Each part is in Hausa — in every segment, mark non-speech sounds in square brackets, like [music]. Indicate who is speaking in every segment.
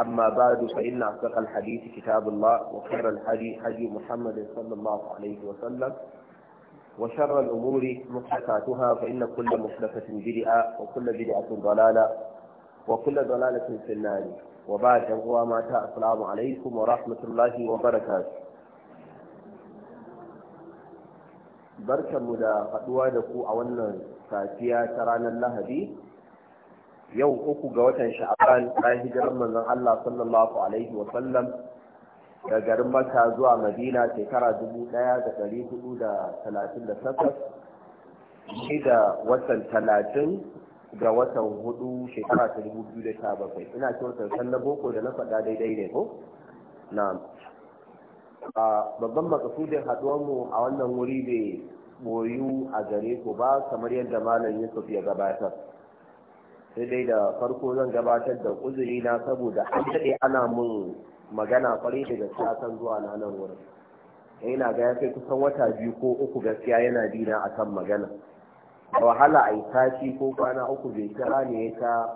Speaker 1: أما بعد فإن أصدق الحديث كتاب الله وخير الحديث هدي محمد صلى الله عليه وسلم وشر الأمور محدثاتها فإن كل محدثة بدعة وكل بدعة ضلالة وكل ضلالة في النار وبعد هو ما السلام عليكم ورحمة الله وبركاته بركة مدى قدوة لكو أولا فاتية ترانا لهدي yau uku ga watan sha'aban bayan hijirar manzon Allah sallallahu alaihi wa sallam da garin Makka zuwa Madina shekara 1438 shi da watan 30 ga watan hudu shekara 2017 ina cewa san na boko da na faɗa daidai ne ko na'am a babban makasudin mu a wannan wuri bai boyu a gare ku ba kamar yadda malam Yusuf ya gabatar sai dai da farko zan gabatar da uzuri na saboda an daɗe ana mun magana kwarai daga gaske zuwa na nan wurin ina ga ya kusan wata biyu ko uku gaskiya yana dina akan magana A wahala a yi ko kwana uku bai kira ne ta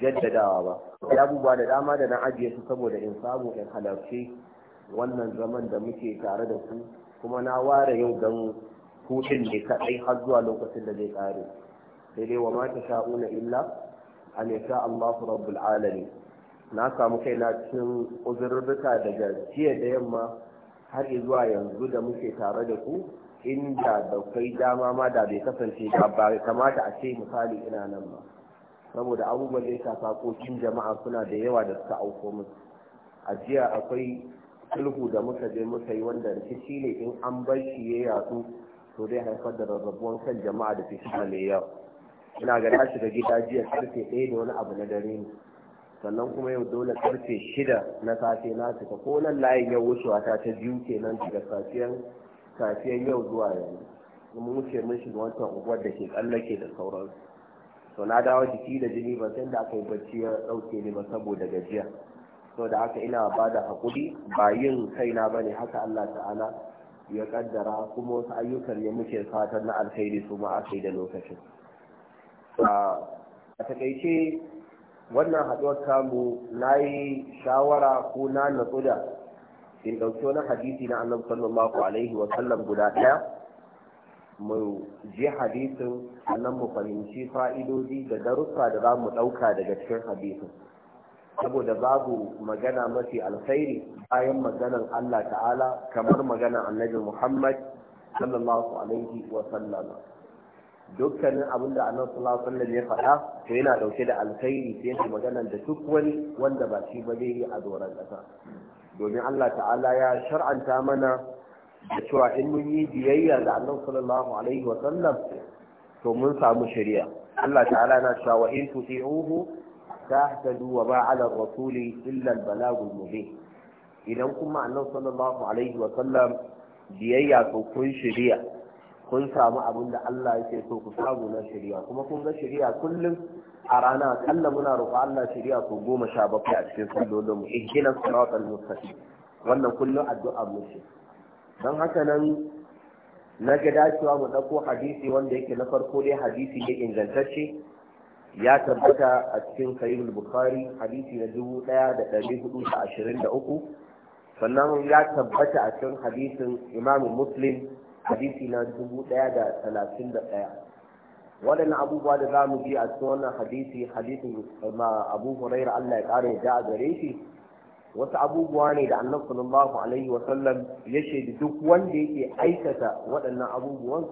Speaker 1: jaddadawa ba ya abubuwa da dama da na ajiye su saboda in samu in halarci wannan zaman da muke tare da su. kuma na ware yau don hutun ne kaɗai har zuwa lokacin da zai ƙare sai dai wa ma ta sha'una illa an yasha Allahu rabbul alamin na samu kaina cikin uzurruka daga jiya da yamma har zuwa yanzu da muke tare da ku inda da kai dama ma da bai kasance da ba kamata a ce misali ina nan ba saboda abubuwan da ya shafa kokin jama'a suna da yawa da suka auko musu a jiya akwai sulhu da muka je muka yi wanda rikici ne in an bar shi ya yatsu to dai haifar da rarrabuwan kan jama'a da fitina mai yawa ina ga na shiga gida jiya karfe ɗaya da wani abu na dare ne sannan kuma yau dole karfe shida na safe na shiga ko nan layin yau wucewa ta ta biyu kenan daga safiyan safiyan yau zuwa yanzu mun wuce mun shiga wancan unguwar da ke tsallake da sauransu to na dawo jiki da jini ba sai da aka yi bacci ya ɗauke ni ba saboda gajiya so da haka ina ba da haƙuri ba yin kaina ba ne haka Allah ta'ala ya kaddara kuma wasu ayyukan ne muke fatan na alkhairi su ma aka yi da lokacin a takaice wannan haɗuwar samu na yi shawara ko na natsu da in ɗauki wani hadisi na annabi sallallahu alaihi wa guda ɗaya mu ji hadisin sannan mu fahimci fa'idodi da darussa da za mu ɗauka daga cikin hadisin saboda babu magana mafi alkhairi bayan maganan Allah ta'ala kamar maganan annabi Muhammad sallallahu alaihi wa dukkanin abin da annabi sallallahu alaihi wasallam ya faɗa to yana dauke da alkhairi sai yake magana da duk wani wanda ba shi ba zai yi a doron ƙasa domin Allah ta'ala ya shar'anta mana da cewa in mun yi biyayya da annabi sallallahu alaihi wasallam to mun samu shari'a Allah ta'ala na cewa wa in tuti'uhu tahtadu wa ba 'ala ar-rasuli illa al-balagul mubin idan kuma annabi sallallahu alaihi wasallam biyayya to kun shari'a kun samu abin da Allah yake so ku samu na shari'a kuma kun ga shari'a kullum a rana kalla muna roƙo Allah shari'a ko goma sha bakwai a cikin sallolin mu ihdina siratal mustaqim wannan kullum addu'a mu ce dan haka nan na ga dacewa mu ɗauko hadisi wanda yake na farko dai hadisi ne ingantacce ya tabbata a cikin sahih bukhari hadisi na dubu ɗaya da ɗari hudu da ashirin da uku sannan ya tabbata a cikin hadisin Imamin muslim hadisi na dubu ɗaya da talatin da ɗaya waɗannan abubuwa da za mu ji a cikin wannan hadisi hadisin abu huraira allah ya ƙara ya a gare shi wasu abubuwa ne da annabi sallallahu alaihi wa sallam ya shaidi duk wanda yake aikata waɗannan abubuwan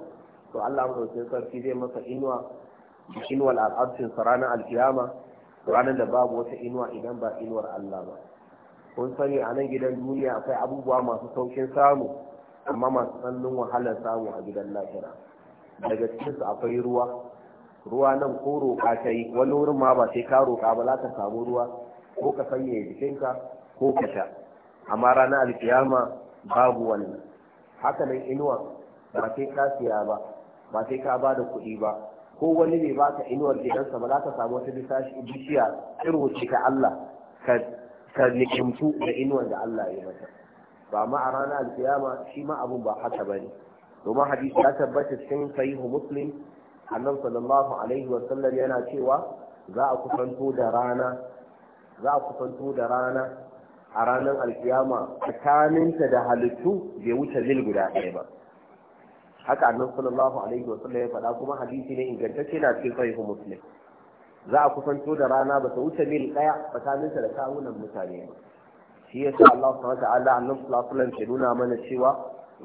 Speaker 1: to allah madaukakin sarki zai masa inuwa inuwar al'arshin ranar alkiyama ranar da babu wata inuwa idan ba inuwar allah ba kun sani a nan gidan duniya akwai abubuwa masu saukin samu amma masu sannin wahalar samu a gidan lafiya daga cikinsu akwai ruwa ruwa nan ko roƙa ta yi wani wurin ma ba sai ka roƙa ba za ka samu ruwa ko ka sanya jikinka ko ka sha amma ranar alkiyama babu wannan haka nan inuwa ba sai ka siya ba ba sai ka ba da kuɗi ba ko wani ne baka inuwar gidansa ba za ka samu wata bishiya irin ka Allah ka nikimtu da inuwar da Allah ya yi mata ba ma a ranar alkiyama shi ma abun ba haka ba ne domin hadisi ya tabbata cikin sahihu muslim annabi sallallahu alaihi wa sallam yana cewa za a kusanto da rana za a kusanto da rana a ranar alkiyama tsakaninta da halittu bai wuce zil guda ɗaya ba haka annabi sallallahu alaihi wa sallam ya faɗa kuma hadisi ne ingantacce na cikin sahihu muslim za a kusanto da rana ba ta wuce mil ɗaya tsakaninta da kawunan mutane ba shi sa Allah subhanahu wata'ala annabi nan fulafulan ke nuna mana cewa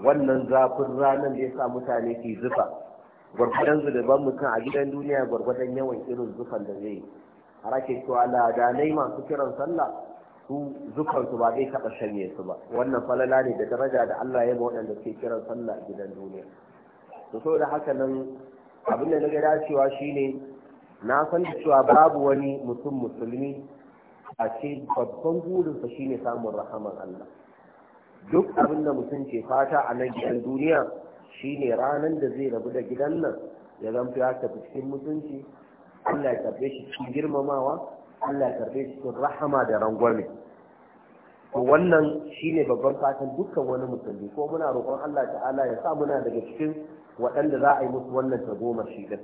Speaker 1: wannan zafin ranar da ya sa mutane ke zufa gwargwadon zuban mutum a gidan duniya gwargwadon yawan irin zufan da zai yi har ake cewa ladanai masu kiran sallah su zufan su ba zai taɓa shanye su ba wannan falala ne da daraja da Allah ya ba waɗanda ke kiran sallah a gidan duniya to so da haka nan abin da na ga dacewa shine na san cewa babu wani mutum musulmi a ce babban burinsa shine samun rahaman Allah duk abin da mutum ke fata a nan gidan duniya shine ranar da zai rabu da gidan nan ya zamto ya cikin mutunci Allah ya karbe shi cikin girmamawa Allah ya karbe shi cikin rahama da rangwame to wannan shine babban fatan dukkan wani musulmi ko muna roƙon Allah ta'ala ya sa muna daga cikin waɗanda za a yi musu wannan shi din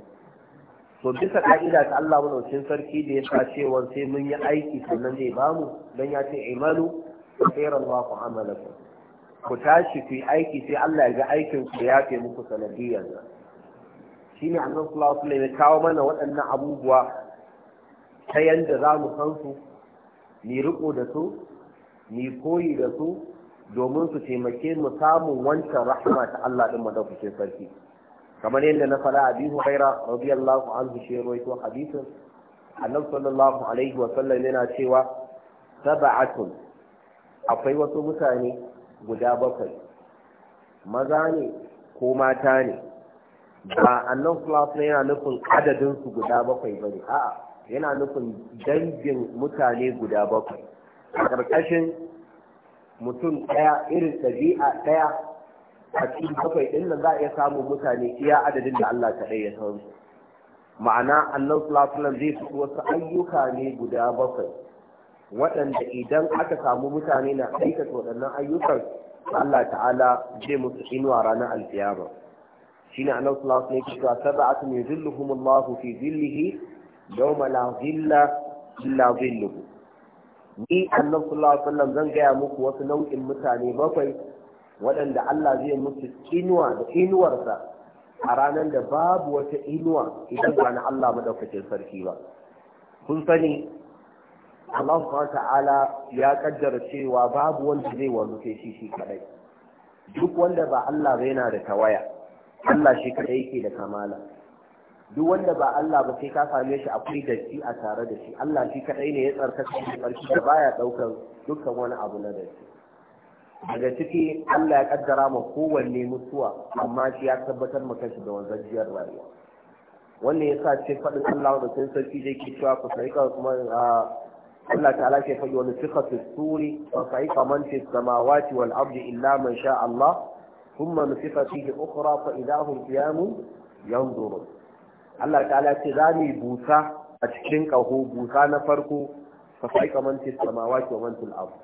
Speaker 1: to bisa ka'ida ta Allah manaucin sarki da ya sa cewa sai mun yi aiki sannan zai bamu dan ya ce imanu khairan wa ku amalakum ku tashi ku aiki sai Allah ya ga aikin ku ya fi muku sanadiyar shine annabi sallallahu alaihi wasallam ya kawo mana waɗannan abubuwa ta yanda za mu san su ni riko da su ni koyi da su domin su taimake mu samun wancan rahama ta Allah din madaukakin sarki kamar yadda na fara abi huraira radiyallahu anhu shi rawaito hadisin annabi sallallahu alaihi wa sallam yana cewa sab'atun akwai wasu mutane guda bakwai maza ne ko mata ne ba annan sallallahu yana nufin adadin su guda bakwai bane a'a yana nufin dangin mutane guda bakwai a ƙarƙashin mutum ɗaya irin ɗabi'a ɗaya a bakwai ɗin nan za a iya samun mutane iya adadin da Allah kaɗai ya san su ma'ana Allah sallallahu zai fi wasu ayyuka ne guda bakwai waɗanda idan aka samu mutane na aikata waɗannan ayyukan Allah ta'ala zai musu inuwa ranar alkiyama shine Allah sallallahu alaihi wasallam yake sab'atun yuzilluhum Allah fi zillihi yawma la zilla illa zilluhu ni Allah sallallahu alaihi wasallam zan gaya muku wasu nau'in mutane bakwai waɗanda Allah zai musu inuwa da inuwarsa a ranar da babu wata inuwa idan ba na Allah maɗaukacin sarki ba. Kun sani, Allah ta'ala ya kaddara cewa babu wanda zai warnuke shi shi kadai. Duk wanda ba Allah ba yana da tawaya, Allah shi kadai yake da kamala. Duk wanda ba Allah ba sai ka same shi akwai datti a tare da shi, Allah shi kadai ne ya tsarkaka shi da baya ɗaukar dukkan wani abu na datti. daga ciki Allah ya kaddara ma kowanne mutuwa amma shi ya tabbatar ma kashi da wanzajiyar rayuwa wannan yasa ce faɗin Allah da sun sarki da yake cewa ku sai kuma Allah ta'ala ke faɗi wani sifatu suri fa sai kaman fi samawati wal ardi illa man sha Allah thumma nufiqa fihi ukhra fa idahum qiyamun yanzurun Allah ta'ala ce za mu busa a cikin kaho busa na farko fa sai kaman fi samawati wa man fil ardi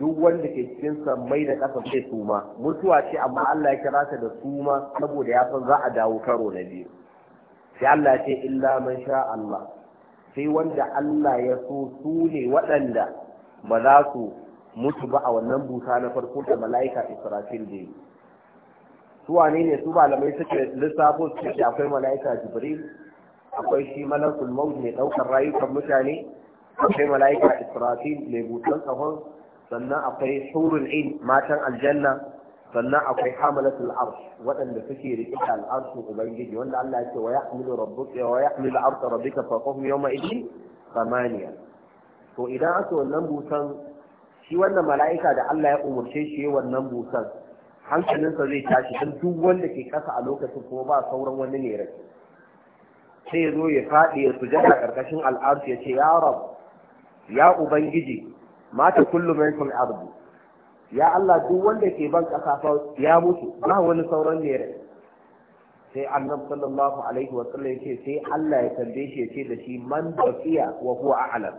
Speaker 1: duk wanda ke cikin sammai da kasa sai suma mutuwa ce amma Allah ya kira ta da suma saboda ya san za a dawo karo na biyu sai Allah ce illa man sha Allah sai wanda Allah ya so su ne waɗanda ba za su mutu ba a wannan busa na farko da mala'ika Israfil da yi su wane ne su malamai suke lissafo su ce akwai mala'ika Jibril akwai shi malakul maut mai ɗaukar rayukan mutane akwai mala'ika Israfil mai busan tsahon sannan akwai hurul ain matan aljanna sannan akwai hamalatul arsh waɗanda suke riƙe da al'arshin ubangiji wanda Allah ya ce wa yahmilu rabbuka wa yahmilu arsha rabbika faqahum yawma idin samaniya to idan aka wannan busan shi wannan mala'ika da Allah ya umurce shi wannan busan hankalinsa zai tashi don duk wanda ke kasa a lokacin kuma ba sauran wani ne rai sai ya zo ya faɗi ya sujada karkashin al'arshi ya ce ya rab ya ubangiji mata kullum min fil ardi ya Allah duk wanda ke ban kasa ya mutu ba wani sauran ne rai sai annabi sallallahu alaihi wa sallam yace sai Allah ya tambaye shi yace da shi man baqiya wa huwa a'lam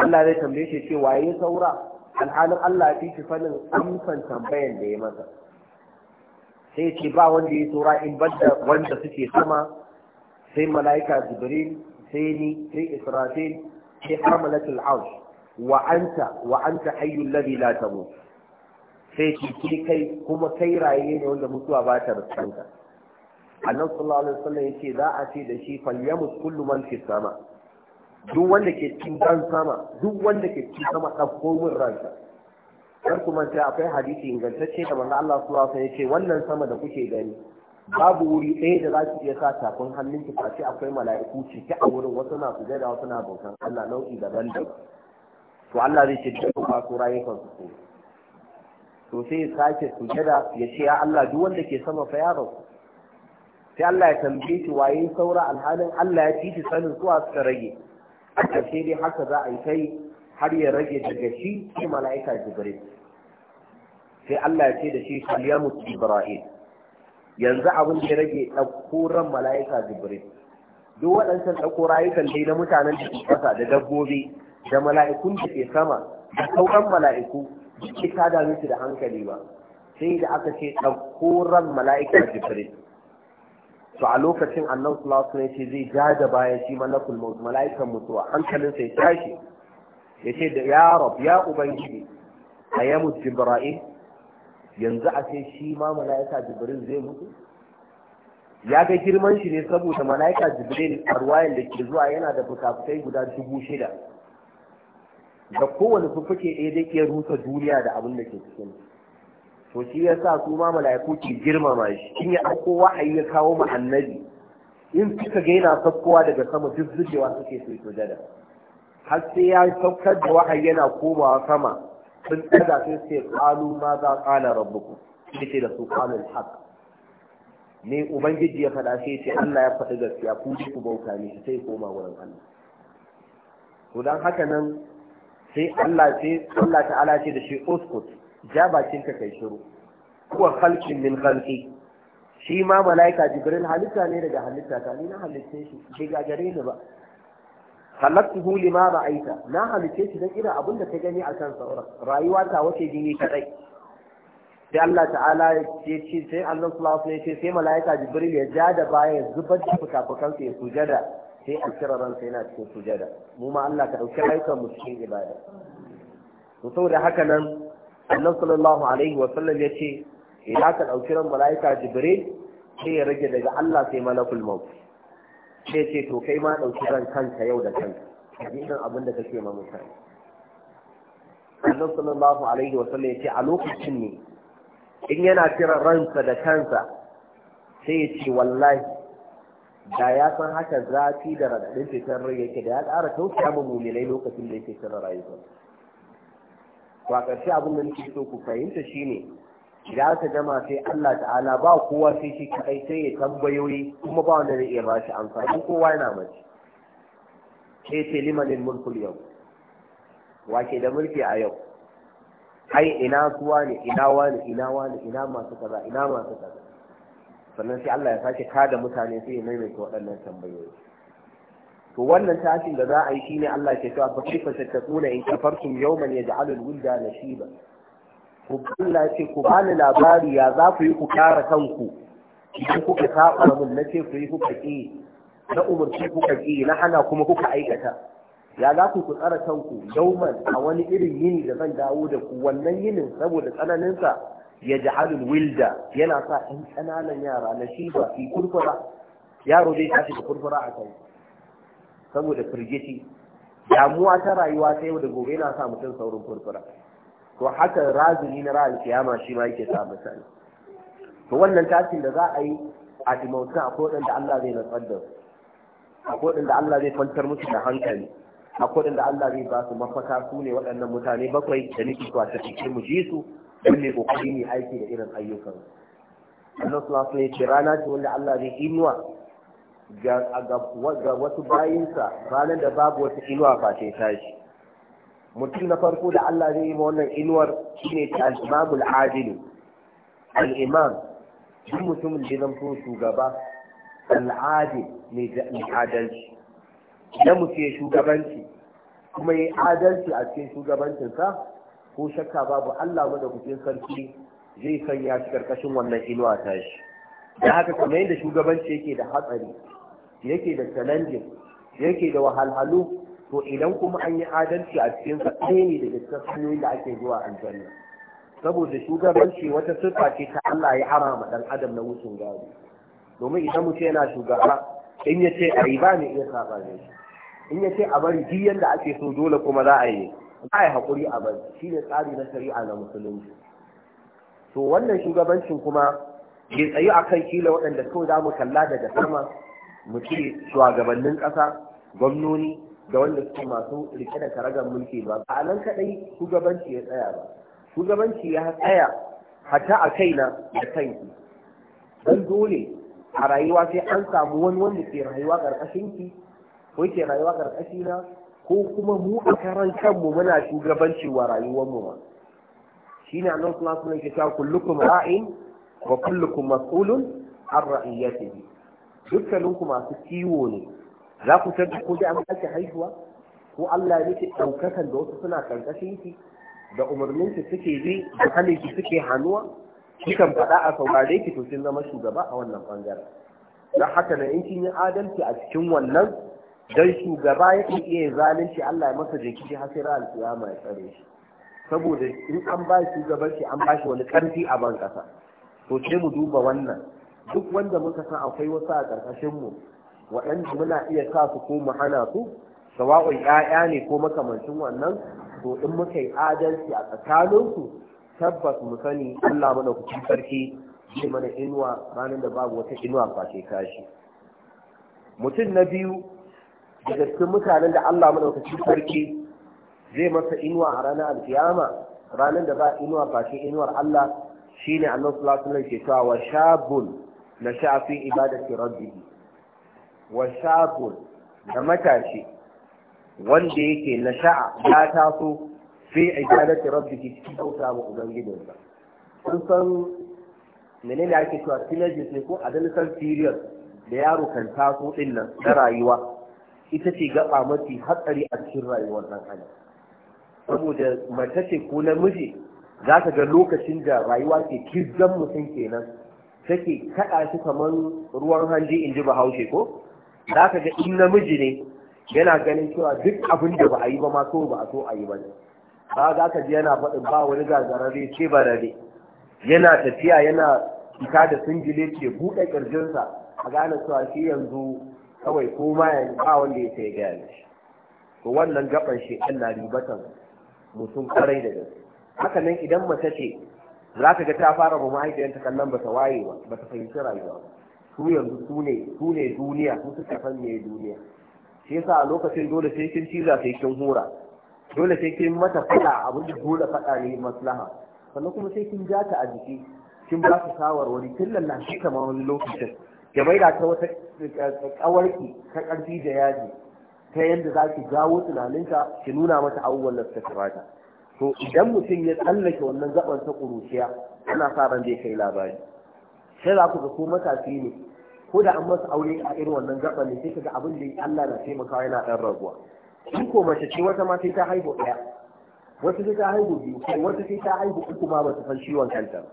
Speaker 1: Allah zai tambaye shi yace waye saura alhalin Allah ya fi fannin amsan tambayan da ya masa sai yace ba wanda ya saura in badda wanda suke sama sai mala'ika jibril sai ni sai israfil sai hamalatul arsh Wa'anta, wa'anta, wa anta hayyul sai ki kai kuma kai raye ne wanda mutuwa ba ta A nan, sallallahu alaihi ya yace za a ce da shi falyamus kullu ke sama duk wanda ke cikin dan sama duk wanda ke cikin sama dauko ransa kar kuma sai akwai hadisi ingantacce da manzo Allah sallallahu alaihi yace wannan sama da kuke gani babu wuri ɗaya da za ki iya sa tafin hannun ki face akwai mala'iku cike a wurin wasu na sujada wasu na bautan Allah nau'i daban-daban to Allah zai ce duk ba su rayukan su to sai sake sujada ya ce ya Allah duk wanda ke sama fa ya yaro sai Allah ya tambaye shi waye saura alhalin Allah ya titi sanin su suka rage a ƙarshe dai haka za a yi kai har ya rage daga shi shi mala'ika Jibril sai Allah ya ce da shi Salyamu Ibrahim yanzu abin da ya rage ɗauko mala'ika Jibril duk waɗancan ɗauko rayukan dai na mutanen da ke ƙasa da dabbobi da mala'ikun da ke sama da sauran mala'iku duk ta da su da hankali ba sai da aka ce ɗauko ran mala'ika jibril to a lokacin annan sallallahu alaihi ce zai ja da baya shi malakul maut mala'ikan mutuwa hankalin sai tashi ya ce da ya rab ya ubangiji a yamu yanzu a ce shi ma mala'ika jibril zai mutu ya ga girman shi ne saboda mala'ika jibril a ruwayan da ke zuwa yana da fukafukai guda dubu shida da kowane fuffuke ɗaya zai iya rusa duniya da abin da ke cikin to shi ya sa su ma mala'iku ke girmama shi in ya ɗauko wa'ayi ya kawo mu annabi in suka ga yana saukowa daga sama duk zubewa suke su dada har sai ya saukar da wahayi yana komawa sama sun ɗaga sai ce ƙalu ma za ƙala rabbuku ce da su ƙalul haka. ne ubangiji ya faɗa sai ce Allah ya faɗi gaskiya ku ji ku bauta ne sai koma wurin Allah to dan haka nan sai Allah ta'ala ce da shi uskut ja bakin ka kai shiru kuwa halkin min khalqi shi ma malaika jibril halitta ne daga halitta ta ni na halitta shi bai gagare ni ba khalaqtuhu lima ra'aita na halitta shi dan ina abin da ka gani akan sauran rayuwa ta wace jini kaɗai? sai Allah ta'ala ya ce sai Allah sallallahu alaihi wasallam ce sai malaika jibril ya ja da baya ya zubar da fukafukansa ya sujada sai a kira ransa yana cikin sujada mu ma Allah ka ɗauki rayukan mu cikin ibada to saboda haka nan annabi sallallahu alaihi wa sallam ya ce idan ka ɗauki ran mala'ika jibril sai ya rage daga Allah sai malakul maut sai ce to kai ma ɗauki ran kanka yau da kanka hadisin abin da kake ma mutane annabi sallallahu alaihi wa sallam ya ce a lokacin ne in yana kiran ransa da kansa sai ya ce wallahi da ya san haka zafi da raɗaɗin fitar rai yake da ya ƙara tausaya mu muminai lokacin da yake cire rayuwa to a ƙarshe abin da nake so ku fahimta shi ne. idan aka gama sai Allah ta'ala ba kowa sai shi kaɗai sai ya tambayoyi kuma ba wanda zai iya ba shi amfani kowa yana mace Ke ce limanin mulkul yau wake da mulki a yau ai ina suwa ne ina wani ina wani ina masu kaza ina masu kaza sannan sai Allah ya sake kada mutane sai ya maimaita waɗannan tambayoyi to wannan tashin da za a yi shine Allah ke cewa fa ta kuna in kafartum yawman yaj'alu al-wilda nashiba ku Allah ce ku bani labari ya za ku yi ku kara kanku idan kuka saba mun nace ku yi kuka ki na umurci kuka ki na hana kuma kuka aikata ya za ku ku tsara kanku yawman a wani irin yini da zan dawo da ku wannan yinin saboda tsananinsa ya ja'alul wilda yana sa ɗan ƙananan yara na shi ba, fi kurfura yaro zai tashi da kurfura a kai saboda firgiti. damuwa ta rayuwa ta yau da gobe yana sa mutum saurin kurfura to haka razuni na ra'ayin kiyama shi ma yake sa mutane to wannan tashin da za a yi a dimautan akwai waɗanda Allah zai natsar da akwai waɗanda Allah zai kwantar musu da hankali akwai waɗanda Allah zai ba su mafaka su ne waɗannan mutane bakwai da nake so a cikin mu ji su don mai kokari ne aiki da irin ayyukan Allah sallallahu alaihi ce rana ce wanda Allah zai inuwa ga wasu bayinsa ranar da babu wata inuwa ba ta tashi mutum na farko da Allah zai yi ma wannan inuwar shine al-imamul adil al-imam duk mutumin da zanto shugaba al'adil mai adalci idan mutum ya shugabanci kuma ya adalci a cikin shugabancinsa ko shakka babu Allah madaukakin sarki zai sanya shi karkashin wannan inuwa ta shi da haka kamar yadda shugabanci yake da hatsari yake da challenges yake da wahalhalu to idan kuma an yi adalci a cikin sa ɗaya ne daga cikin hanyoyin da ake zuwa aljanna saboda shugabanci wata sifa ce ta Allah ya harama dan adam na wucin gado domin idan mutum yana shugaba in ya ce a ba ne iya saba shi, in ya ce a bari duk yadda ake so dole kuma za a yi za a yi haƙuri a ban shi ne tsari na shari'a na musulunci to wannan shugabancin kuma bai tsayi a kan kila waɗanda kawai za mu kalla daga sama mu ce shugabannin ƙasa gwamnoni da wanda suke masu rike da karagar mulki ba ba a nan kaɗai shugabanci ya tsaya ba shugabanci ya tsaya hata a kaina da kanki don dole a rayuwa sai an samu wani wanda ke rayuwa ƙarƙashinki ko ke rayuwa ƙarƙashina ko kuma mu a karan kanmu muna shugabanci wa rayuwarmu ba shine annabi sallallahu alaihi suna ke cewa kullukum ra'in wa kullukum mas'ulun an ra'iyatihi dukkaninku masu kiwo ne za ku san ko da an sake haihuwa ko Allah ya miki daukakan da wasu suna karkashin ki da umarnin ki suke bi da halin ki suke hannuwa kikan faɗa a saurare ki to kin zama shugaba a wannan bangaren don haka na in kin yi adalci a cikin wannan dan shugaba yake iya zalunci Allah ya masa jinkiri har sai ran kiyama ya tsare shi saboda in an ba shi gabanci an ba shi wani karfi a ban kasa to sai mu duba wannan duk wanda muka san akwai wasu a karkashin mu waɗanda muna iya sa su ko mu hana su sawa'un ƴaƴa ne ko makamancin wannan to in muka yi adalci a tsakanin su tabbas mu sani Allah mana kuci sarki shi mana inuwa ranar da babu wata inuwa face kashi mutum na biyu daga cikin mutanen da Allah cikin sarki zai masa inuwa a ranar alkiyama ranar da ba inuwa ba ce inuwar Allah shine Allah sallallahu alaihi wasallam ke cewa wa shabun na shafi ibadati rabbi wa shabun da matashi wanda yake na sha'a ya taso fi ibadati rabbih cikin bauta wa ubangijinsa sun san menene ake cewa teenagers ne ko adolescent period da yaro kan taso din nan na rayuwa ita ce gaba mafi hatsari a cikin rayuwar ɗan adam saboda mace ce ko namiji za ka ga lokacin da rayuwa ke kirgan mutum kenan take kaɗa shi kamar ruwan hanji in ji bahaushe ko za ka ga in namiji ne yana ganin cewa duk abin da ba a yi ba ma so ba a so a yi ba ne ba za ka ji yana faɗin ba wani gagararre ce barare yana tafiya yana fita da singile ce buɗe ƙirjinsa a gane cewa shi yanzu kawai ko ma yi ba wanda ya sai gaya shi ko wannan gaban shi na ribatan mutum kwarai da gaske haka nan idan mace ce za ka ga ta fara ba mahaifiyarta kallon ba ta waye ba ba ta fahimci rayuwa su yanzu su ne su ne duniya su suka san me duniya shi yasa a lokacin dole sai kin ciza sai kin hura dole sai kin mata fada abin da dole fada ne maslaha sannan kuma sai kin ja ta a jiki kin ba su shawarwari kin lallashe ta ma wani lokacin ya maida ta wata kawarki ta ƙarfi da yaji ta yadda za ki jawo tunaninka ki nuna mata abubuwan da suka kamata to idan mutum ya tsallake wannan zaɓar ta ƙuruciya ana sa ran zai kai labari sai za ku ga ko matafi ne ko da an masa aure a irin wannan gaɓar ne sai ka ga abin da ya Allah na taimakawa yana ɗan raguwa in ko mace ce wata ma sai ta haihu ɗaya wata sai ta haihu biyu kai wata sai ta haihu uku ma ba su san ciwon kanta ba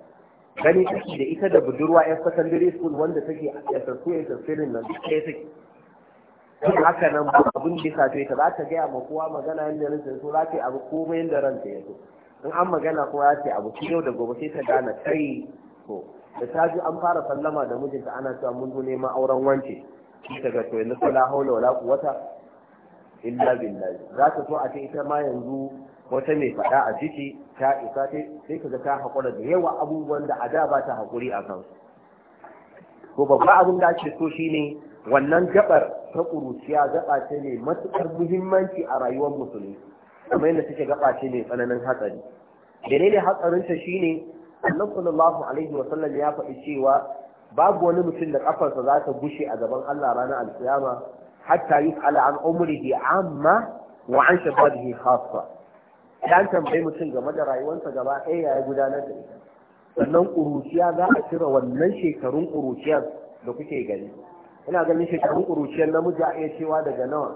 Speaker 1: gani take da ita da budurwa yan secondary school wanda take a tsarsu ya filin nan duk ɗaya take kan haka nan abin da ya ta za ta gaya ma kowa magana yadda ran so za ta yi abu komai yadda ranta ya so in an magana kowa ya ce abu yau da gobe sai ta gane kai to da ta ji an fara sallama da mijinta ana cewa mun zo neman auren wance shi ta ga to yanzu kula haula wala quwata illa billahi za ta so a ce ita ma yanzu wata mai faɗa a ciki ta isa sai kaga ta haƙura da yawa abubuwan da a da ba ta haƙuri a kansu to babba abin da ake so shine wannan gabar ta ƙuruciya gaba ce ne matuƙar muhimmanci a rayuwar musulmi kamar yadda take gaba ce ne tsananin hatsari dalilin hatsarinta shine annabi sallallahu alaihi wa sallam ya faɗi cewa babu wani mutum da kafarsa za ta gushe a gaban Allah ranar alkiyama hatta yus'ala an umrihi amma wa an shababihi khassa ya tambayi mutum game da rayuwarsa gaba ɗaya ya gudanar da ita sannan ƙuruciya za a cire wannan shekarun ƙuruciyar da kuke gani ina ganin shekarun ƙuruciyar namiji a iya cewa daga nawa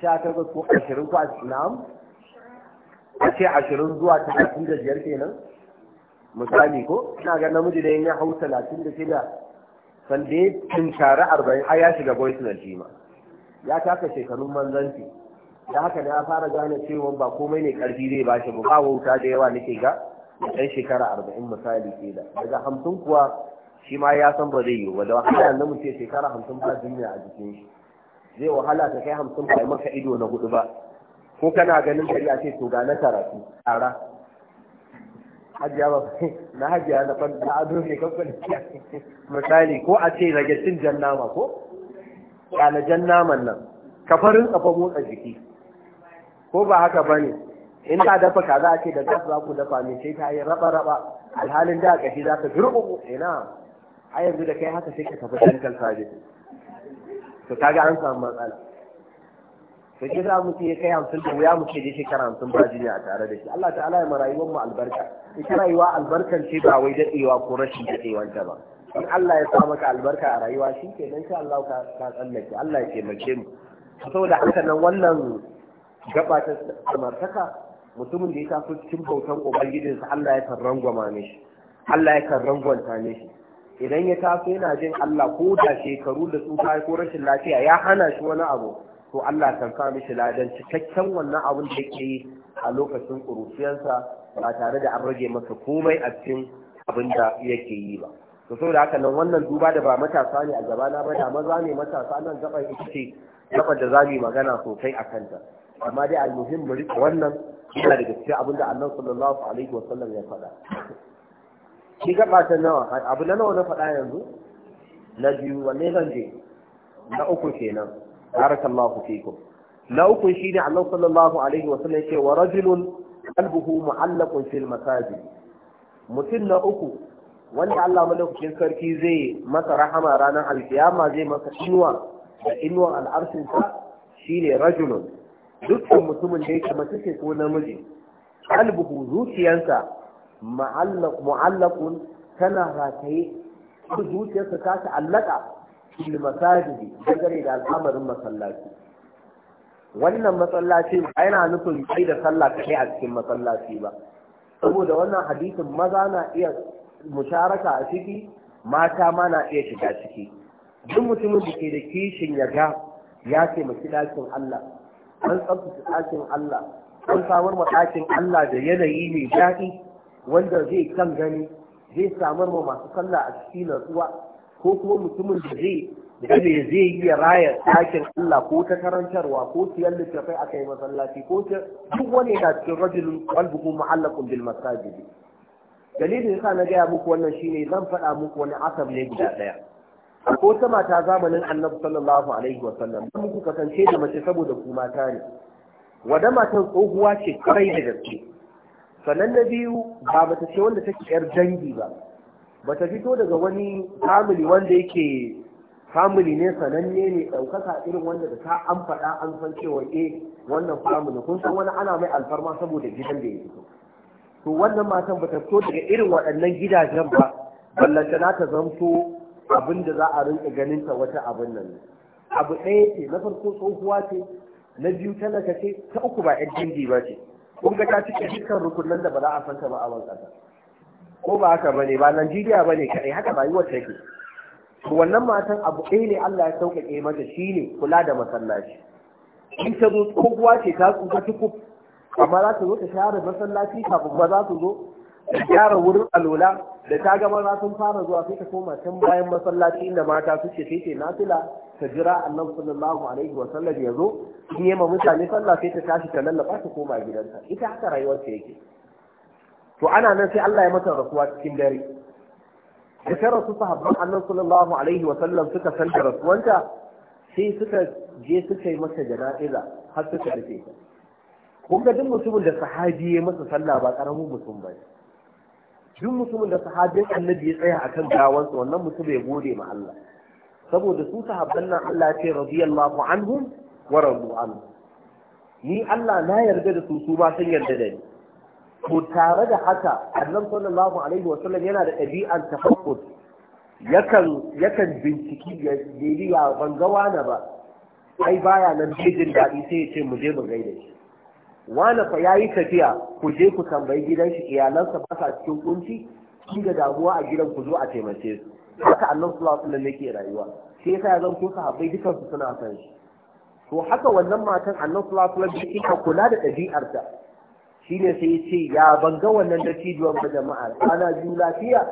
Speaker 1: sha takwas ko ashirin ko na'am a ce ashirin zuwa talatin da biyar kenan misali ko ina ganin namiji da ya hau talatin da shida sanda ya tinkari arba'in a ya shiga boys na jima ya taka shekarun manzanci da haka na fara gane cewa ba komai ne karfi zai ba shi ba wuta da yawa nake ga ɗan shekara arba'in misali ke da daga hamsin kuwa shi ma ya san ba zai yi ba da wahala na mu ce shekara hamsin ba duniya a jikin shi zai wahala ta kai hamsin ba maka ido na hudu ba ko kana ganin dari a ce to ga na karatu tsara hajiya ba na hajiya na fan na ado ne kan misali ko a ce rage cin jan nama ko kana naman nan kafarin kafa motsa jiki ko ba haka ba ne in ka dafa kaza a ce da za za ku dafa mai sai ta yi raba-raba alhalin da a ƙashi za ka durƙuƙu ina a yanzu da kai haka sai ka tafi dental service to ga an samu matsala to ke za mu ya kai hamsin da wuya mu ce dai shekara hamsin ba jini a tare da shi Allah ta'ala ya marayuwar mu albarka ita rayuwa albarkan ce ba wai daɗewa ko rashin daɗewanta ba in Allah ya sa maka albarka a rayuwa shi ke nan sha Allah ka tsallake Allah ya taimake mu saboda haka nan wannan gaba ta samartaka mutumin da ya taso cikin bautan ubangijinsa Allah ya kan rangwama shi. Allah ya kan rangwanta shi. idan ya taso yana jin Allah ko da shekaru da tsufa ko rashin lafiya ya hana shi wani abu to Allah kan sa mishi ladan cikakken wannan abin da yake yi a lokacin ƙuruciyarsa ba tare da an rage masa komai a cikin abin da yake yi ba to saboda haka nan wannan duba da ba matasa ne a gabana ba da maza ne matasa nan gaban ita ce gaban da za yi magana sosai a kanta amma dai al-muhim mu rike wannan yana daga cikin abin da Allah sallallahu alaihi wa sallam ya faɗa shi gaba ta nawa abu na nawa na faɗa yanzu na biyu wanne zan je na uku kenan barakallahu fikum na uku shine Allah sallallahu alaihi wa sallam yake wa rajulun qalbuhu mu'allaqun fil masajid mutum na uku wanda Allah madaukakin sarki zai masa rahama ranar alkiyama zai masa inuwa da inuwan al'arshinsa shine rajulun dukkan mutumin da yake mace ce ko namiji qalbuhu zuciyansa mu'allaq mu'allaqun tana rataye ko zuciyarsa ta allaka fil masajidi dangane da al'amarin masallaci wannan masallaci ba yana nufin kai da sallah kai a cikin masallaci ba saboda wannan hadisin maza na iya musharaka a ciki mata ma na iya shiga ciki duk mutumin da ke da kishin ya ga ya taimaki ɗakin Allah an tsabtace ɗakin Allah an samar ma ɗakin Allah da yanayi mai daɗi wanda zai kan gani zai samar ma masu sallah a cikin natsuwa ko kuma mutumin da zai da zai yi raya ɗakin Allah ko ta karantarwa ko siyan littattafai a kai masallaci ko ta duk wani yana cikin rajulun qalbuhu mu'allaqun bil masajid dalilin yasa na gaya muku wannan shine zan faɗa muku wani asab ne guda ɗaya ko ta mata zamanin annabi sallallahu alaihi wa sallam mun muku kasance da mace saboda ku mata ne wada matan tsohuwa ce kai da gaske sannan na biyu ba bata ce wanda take yar dangi ba bata fito daga wani family wanda yake family ne sananne ne ɗaukaka irin wanda da ta an faɗa an san cewa eh wannan family kun san wani ana mai alfarma saboda gidan da ya fito to wannan matan bata fito daga irin waɗannan gidajen ba ballanta na ta zanto abin da za a rinka ganin ta wata abin nan abu ɗaya ce na farko tsohuwa ce na biyu talaka ce ta uku ba yan jinji ba ce kun ga ta cika dukkan rukunan da ba za a ta ba a ban ƙasa ko ba haka bane ba Najeriya bane kai haka ba yiwuwar take wannan matan abu ɗaya ne Allah ya sauƙaƙe mata shine kula da masallaci in ta zo tsohuwa ce ta tsufa tukuf amma za ta zo ta share masallaci kafin ba za su zo gyara wurin alola da ta ga maza sun fara zuwa sai ta koma can bayan masallaci inda mata suke sai ke nafila ta jira annabi sallallahu alaihi wa sallam ya zo in yema mutane sallah sai ta tashi ta lallaba ta koma gidanta ita haka rayuwar ta yake to ana nan sai Allah ya mata rasuwa cikin dare da ta rasu sahabban annabi sallallahu alaihi wa sallam suka san da rasuwanta sai suka je suka yi mata jana'iza har suka rufe ta kun ga duk mutumin da sahabi ya masa sallah ba karamin mutum ba ne duk mutumin da sahabin annabi ya tsaya akan gawansa wannan mutum ya gode ma Allah saboda su sahabban nan Allah ya ce radiyallahu anhum wa radu anhu ni Allah na yarda da su su ba sun yarda da ni to tare da haka annabi sallallahu alaihi wa sallam yana da ɗabi'ar tafakkur yakan yakan binciki ya dai ya ban gawa na ba ai baya nan jin dadi sai ya ce mu je mu gaida shi wani fa ya yi tafiya ku je ku tambayi gidan shi iyalansa ba sa cikin kunci shi da damuwa a gidan ku zo a taimake su haka annabi sallallahu alaihi wasallam yake rayuwa sai yasa zan ko sahabbai dukan su suna san shi to haka wannan matan annabi sallallahu alaihi wasallam yake kula da ɗabi'arta ne sai yace ya banga wannan dattijuwan ba jama'a ana biyu lafiya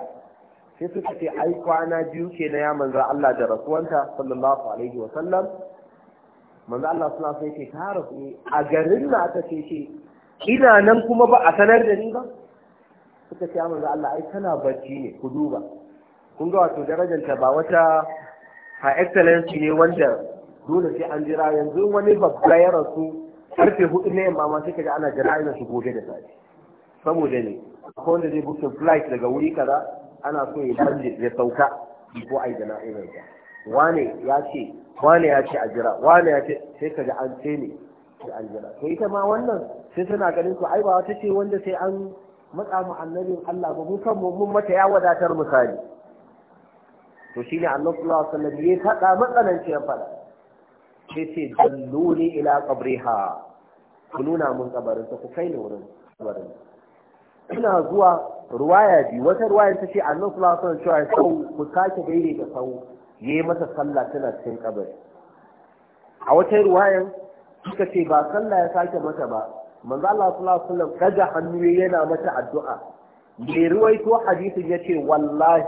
Speaker 1: sai suka ce ai kwana biyu ke na ya manzo Allah da rasuwanta sallallahu alaihi wasallam manzo Allah suna sai ce ta rasu a garin na aka ce ce ina nan kuma ba a sanar da ni ba suka ce manzo Allah ai kana bacci ne ku duba kun ga wato ta ba wata ha excellence ne wanda dole sai an jira yanzu wani babba ya rasu karfe hudu na yamma ma sai kaga ana jira shi gobe da safe saboda ne akwai wanda zai bukin flight daga wuri kaza ana so ya ya sauka ko ai jana'izar wane ya ce wane ya ce a jira wane ya ce sai ka ga an ce ne sai an jira to ita ma wannan sai suna ganin ku. ai ba wata ce wanda sai an matsa mu annabin Allah ba mu kanmu mun mata ya wadatar misali to shine Allah sallallahu alaihi wasallam ya faɗa ya fada sai ce dalluni ila qabriha ku nuna mun kabarin ta ku kai ni wurin kabarin ina zuwa ruwaya bi wata ruwaya ta ce Allah sallallahu alaihi wasallam cewa sau ku sake daidaita sau ya yi masa sallah tana cikin kabari a wata ruwayan suka ce ba sallah ya sake mata ba manzo Allah sallallahu alaihi wasallam daga hannu yana mata addu'a mai ruwaito hadisin ce wallahi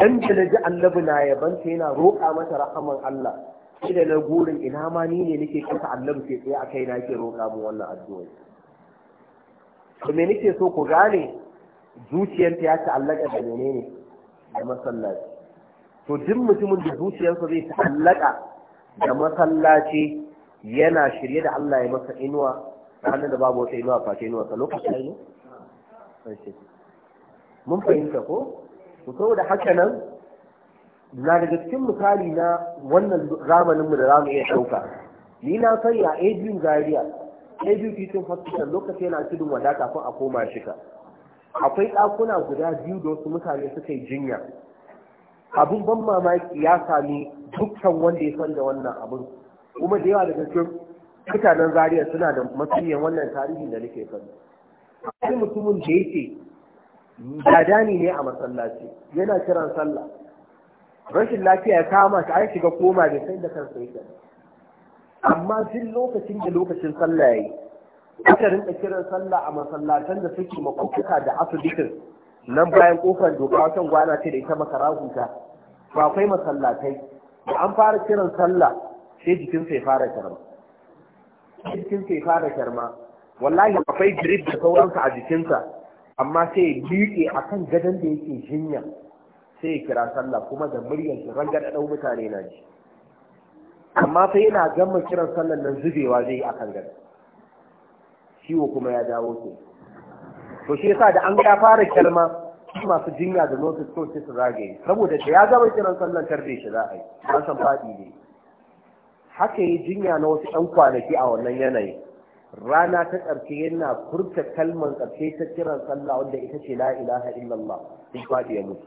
Speaker 1: dan da ji allabu na ya yabanta yana roƙa mata rahaman Allah sai da na gurin ina ma ni ne nake kasa annabi ke tsaye a kai na ke roƙa mu wannan addu'a to me nake so ku gane zuciyarta ya ta'allaka da menene da masallaci to duk mutumin da zuciyarsa zai ta'allaka da masallaci yana shirye da Allah ya masa inuwa ranar da babu wata inuwa face inuwa sa lokacin ne mun fahimta ko to saboda haka nan na daga cikin misali na wannan zamanin mu da zamu iya dauka ni na san a ABU Zaria ABU Teaching Hospital lokacin yana cikin wada kun a koma shika akwai ɗakuna guda biyu da wasu mutane suka yi jinya abin ban mamaki ya sami dukkan wanda ya san da wannan abin kuma da yawa daga cikin mutanen zariya suna da matsayin wannan tarihi da nake sani Wani mutumin da yake dadani ne a masallaci yana kiran sallah rashin lafiya ya kama shi an shiga koma da sai da kansa yake amma duk lokacin da lokacin sallah yayi aka rinka kiran sallah a masallatan da suke makwabta da asibitin nan bayan kofar doka wasan gwana ce da ita makara huta ba akwai masallatai da an fara kiran sallah sai jikin sai fara karma jikin sai fara wallahi akwai grip da sauransa a jikinsa amma sai ya liƙe akan gadan gadon da yake jinya sai ya kira sallah kuma da muryar shi rangada ɗau mutane na ji amma sai yana gama kiran sallan nan zubewa zai yi akan ciwo kuma ya dawo su. to shi yasa da an ga fara kalma masu jinya da notice ko sai su zagaye saboda da ya gaba kiran sallan tarbe shi za a yi an san faɗi ne haka yi jinya na wasu ɗan kwanaki a wannan yanayi rana ta ƙarshe yana furta kalman ƙarshe ta kiran sallah wanda ita ce la ilaha illallah in faɗi ya mutu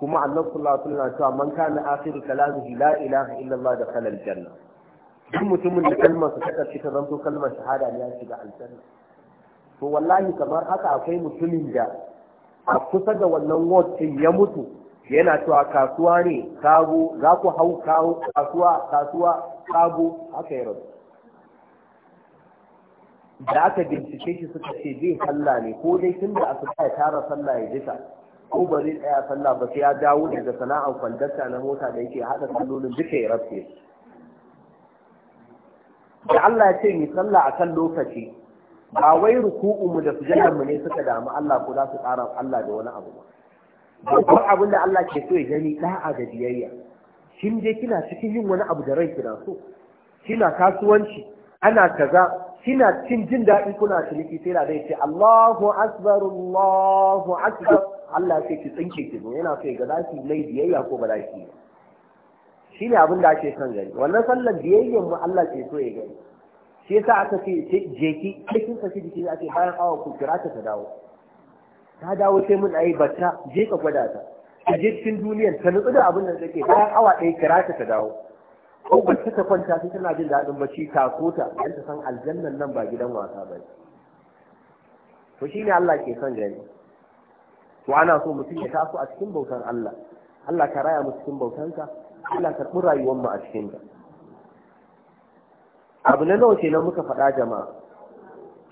Speaker 1: kuma Allah sallallahu alaihi wasallam cewa man kana akhiru kalamihi la ilaha illallah da kalal janna duk mutumin da kalmar sa ta ƙarshe ta zanto kalmar shahada ne ya shiga aljanna to wallahi kamar haka akwai mutumin da a kusa da wannan ward ya mutu yana cewa kasuwa ne kago za ku hau kawo kasuwa kasuwa kago haka ya rasu da aka bincike shi suka ce zai sallah ne ko dai tun da aka ya tara sallah ya jita ko ba zai tsaya sallah ba sai ya dawo daga sana'ar kwandasta na mota da yake haɗa sallolin duka ya rasu da Allah ya ce mu sallah a kan lokaci ba wai mu da mu ne suka damu Allah ko za su ƙara Allah da wani abu ba babban abin da Allah ke so ya gani da'a da biyayya shin dai kina cikin yin wani abu da rai kina so kina kasuwanci ana kaza kina cin jin daɗi kuna ciniki sai da dai ce Allahu akbar Allahu akbar Allah sai ki tsinke ki zo yana so ya ga zaki mai biyayya ko ba za yi. shi ne abin da ake son gani wannan sallar biyayyan mu Allah ke so ya gani shi yasa aka ce jeki cikin saki jiki ake bayan awa ku kira ta ta dawo ta dawo sai mun ayi bata je ka gwada ta a je cikin duniyar ta nutsu da abin da take bayan awa ɗaya kira ta ta dawo ko bata ta kwanta sai tana jin daɗin bacci ta ko ta dan ta san aljannan nan ba gidan wasa ba to shine Allah ke son gani to ana so mutum ya taso a cikin bautan Allah Allah ka raya mu cikin bautanka Allah ka karɓi rayuwar mu a cikin ka? abu na nawa kenan muka faɗa jama'a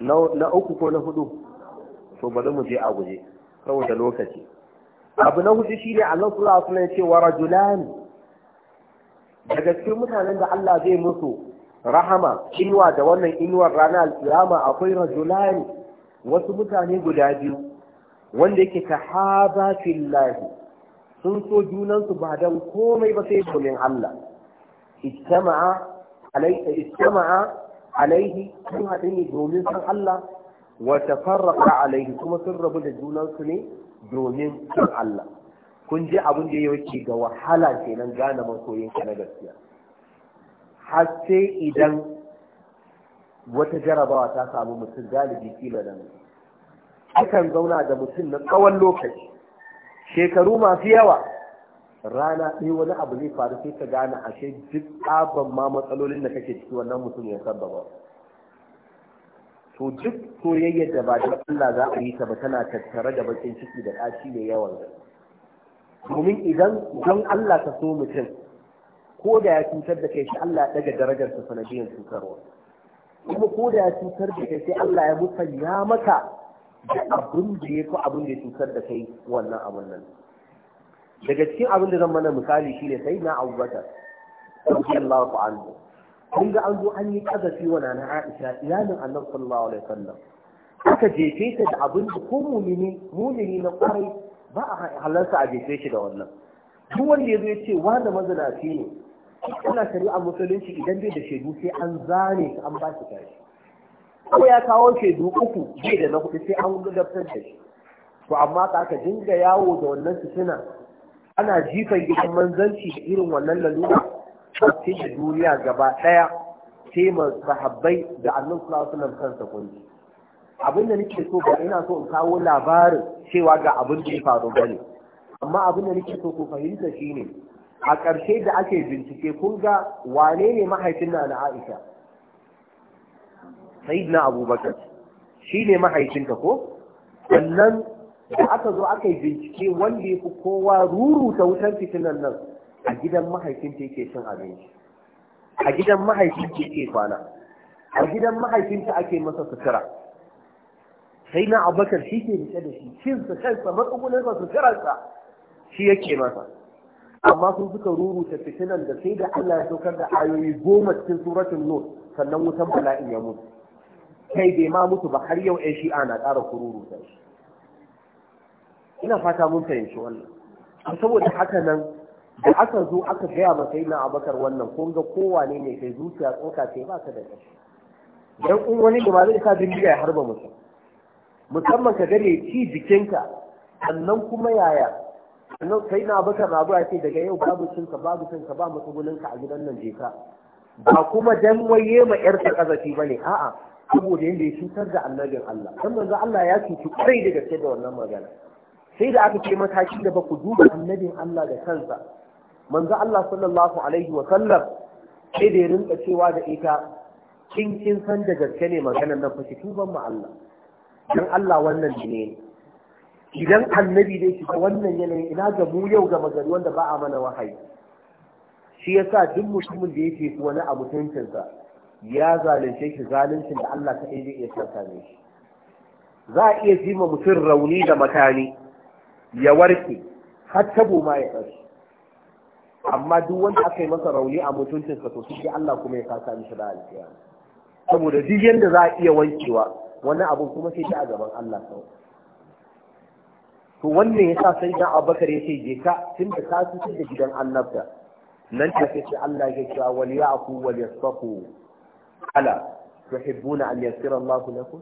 Speaker 1: na uku ko na hudu to bari mu je a guje saboda lokaci abu na hudu shine Allah sallallahu alaihi wasallam ce wa rajulan daga cikin mutanen da Allah zai musu rahama inuwa da wannan inuwar ranar alkiyama akwai rajulan wasu mutane guda biyu wanda yake tahaba fillahi sun so junansu ba dan komai ba sai domin Allah ijtama'a alaihi istama'a alaihi sun haɗu ne domin san Allah wa tafarraqa alaihi kuma sun rabu da junansu ne domin san Allah kun ji abin da yake ga wahala kenan gane masoyin ka na gaskiya har sai idan wata jarabawa ta samu mutum galibi kila da akan zauna da mutum na tsawon lokaci shekaru masu yawa rana ɗaya wani abu zai faru sai ka gane ashe duk ƙaban ma matsalolin da kake ciki wannan mutum ya ba to duk soyayyar da ba da Allah za a yi ta ba tana tattare da bakin ciki da ɗaci mai yawan domin idan don Allah ka so mutum ko da ya cutar da kai shi Allah ya daga darajar sa sanadiyar cutarwa kuma ko da ya cutar da kai sai Allah ya musanya maka da abin da ya fi abin da ya cutar da kai wannan abun nan daga cikin abin da zan mana misali shine sai na abubakar an zo. kun ga an zo an yi kazafi wa nana Aisha iyalin Annabi sallallahu alaihi wasallam aka jefe ta da abin da ko mumini na kwarai ba a halarsa a jefe shi da wannan duk wanda ya zo ya ce wanda mazinaci ne ana shari'a musulunci idan bai da shaidu sai an zane shi an ba shi kashi ko ya kawo shaidu uku bai da na hudu sai an gudabtar da shi to amma ka aka dinga yawo da wannan fitina ana jifan gidan manzanci da irin wannan lalura a da duniya gaba ɗaya sai ma sahabbai da annabi sallallahu alaihi kansa kunji abinda nake so ba ina so in kawo labarin cewa ga abin da ya faru bane amma abinda nake so ku fahimta shine a ƙarshe da ake bincike kun ga wane ne mahaifin na na Aisha sayyidina Abubakar shi ne mahaifinta ko sannan da aka zo aka yi bincike wanda ya fi kowa ruruta wutar fitinan nan a gidan mahaifinta yake cin abinci a gidan mahaifinta yake kwana a gidan mahaifinta ake masa sutura sai na abubakar shi ke rike da shi sa kansa matsugunansa sa shi yake masa amma sun suka ruruta fitinan da sai da Allah ya saukar da ayoyi goma cikin suratun nur sannan wutan bala'in ya mutu kai bai ma mutu ba har yau ɗan shi'a na ƙara kururuta shi ina fata mun fahimci wannan saboda haka nan da aka zo aka gaya ma sai na abakar wannan kun ga kowane ne kai zuciya tsoka ce ba ka da kashi dan in wani da ba zai sa bindiga ya harba mutum musamman ka gane ci jikinka sannan kuma yaya sannan sai na abakar rabu zuwa ce daga yau babu cinka babu ka, ba matsuguninka a gidan nan jeka ba kuma dan waye ma yarsa kazafi bane a'a saboda yadda ya cutar da annabin Allah dan manzo Allah ya cuci kai da gaske da wannan magana sai da aka ce da ba ku duba annabin Allah da kansa manzo Allah sallallahu alaihi wa sallam sai da ya rinka cewa da ita kin kin san da gaske ne maganar nan fashi tuban mu Allah dan Allah wannan ne idan annabi dai shi wannan yanayin ina ga mu yau ga magari wanda ba a mana wahayi shi yasa duk mutumin da yake wani a mutuncinsa ya zalunce shi zaluncin da Allah ta iya iya kansa shi za a iya jima mutum rauni da makani ya warke har tabo ma ya ɗauki amma duk wanda aka yi masa rauni a mutuncinsa to suke Allah kuma ya kasa mishi da alƙiyama saboda duk yadda za a iya wankewa wani abu kuma sai ta a gaban Allah sau to wannan yasa sai dan Abubakar ya ce je ka da ka fitar da gidan annabta nan ta ce Allah ya ce wal ya'fu wal yasfahu ala tuhibbuna an yassira Allah lakum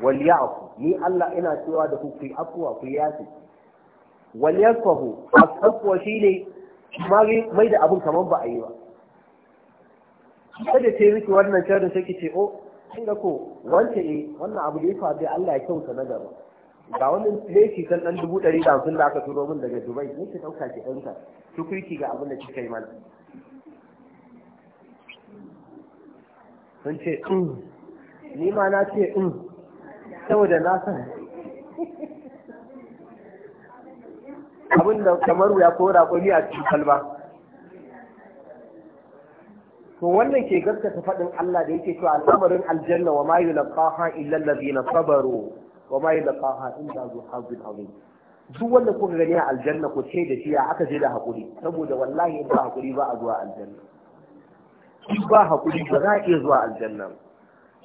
Speaker 1: wal ya'fu ni Allah ina cewa da ku ku afwa ku yafi wal yasfahu asfwa shine mai da abun kaman ba a yi ba kada ce miki wannan sharri sai ki ce o oh, kinga ga ko wance eh wannan abu da ya faru dai Allah ya kyauta na gaba ga wannan laifi kan dan dubu ɗari da hamsin da aka turo min daga Dubai ne ki dauka ki ɗanka tukurki ga abin da kika yi mana sun ce in mm. ni ma na ce in mm. saboda na san abinda kamar ya ko raƙumi a cikin kalma to wannan ke gaskata faɗin Allah da yake cewa al'amarin aljanna wa ma yulqaha illa allazina sabaru wa ma yulqaha illa zu azim duk wanda kuka gani a aljanna ko ce da shi ya aka je da hakuri saboda wallahi ba hakuri ba a zuwa aljanna ba hakuri ba za a iya zuwa aljanna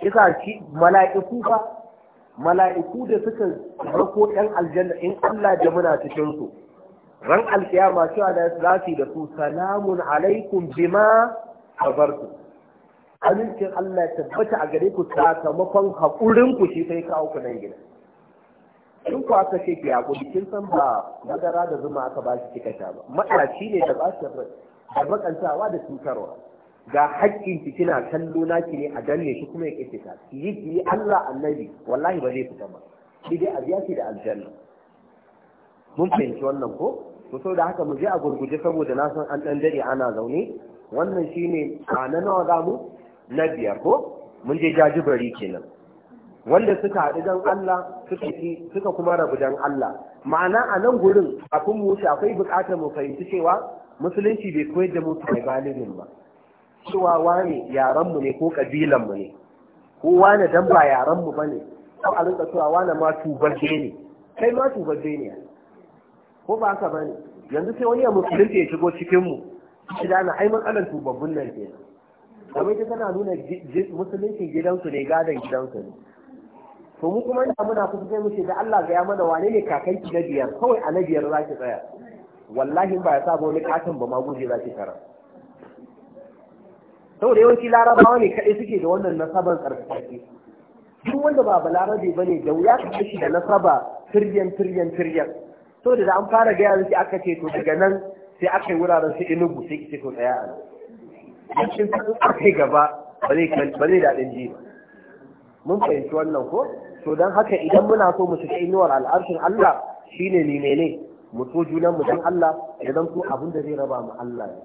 Speaker 1: yasa shi mala'iku fa mala'iku da suka rako ɗan aljanna in Allah da muna cikin su ran alkiyama shi da za su da su salamun alaikum bima kabartu amincin Allah ya tabbata a gare ku sakamakon haƙurin ku shi sai kawo ku nan gida in ku aka ce ya ku kin san ba madara da zuma aka ba shi kika sha ba maɗaci ne da ba shi da bakantawa da cutarwa ga haƙƙin ki kina kallo naki ne a danne shi kuma ya ƙi yi ki Allah annabi wallahi ba zai fita ba shi dai a da aljanna mun fahimci wannan ko to saboda haka mu je a gurguje saboda na san an dan dare ana zaune wannan shine na nawa za mu na biyar ko mun je jajibari kenan wanda suka haɗu don Allah suka ci suka kuma rabu don Allah ma'ana a nan gurin kafin mu wuce akwai buƙatar mu fahimci cewa musulunci bai koyar da mu tribalism ba cewa wane yaranmu ne ko kabilanmu ne ko wane dan ba yaranmu ba ne ko a rinka cewa wane ma tubabbe ne kai ma tubabbe ne ko ba haka ba ne yanzu sai wani ya musulunta ya shigo cikinmu shi da ana ai matsalar tubabbun nan ke kamar ita tana nuna musulunci gidansu ne gadon gidansu ne to mu kuma ina muna kusa sai mu ce da Allah ga ya mana wane ne kakanki na biyar kawai a na biyar za ki tsaya wallahi ba ya ba wani katon ba ma guje za ki kara da yawanci larabawa ne kaɗai suke da wannan nasabar tsarkake duk wanda ba balarabe ne da wuya ka shi da nasaba tiryan tiryan tiryan saboda da an fara gaya shi aka ce to daga nan sai aka yi wuraren su inugu sai ki to tsaya a nan cikin sun aka yi gaba ba zai daɗin ji ba mun fahimci wannan ko to don haka idan muna so mu shiga inuwar al'arshin Allah shine ne ne ne, mu so junan mutum don Allah idan ku abin da zai raba mu Allah ne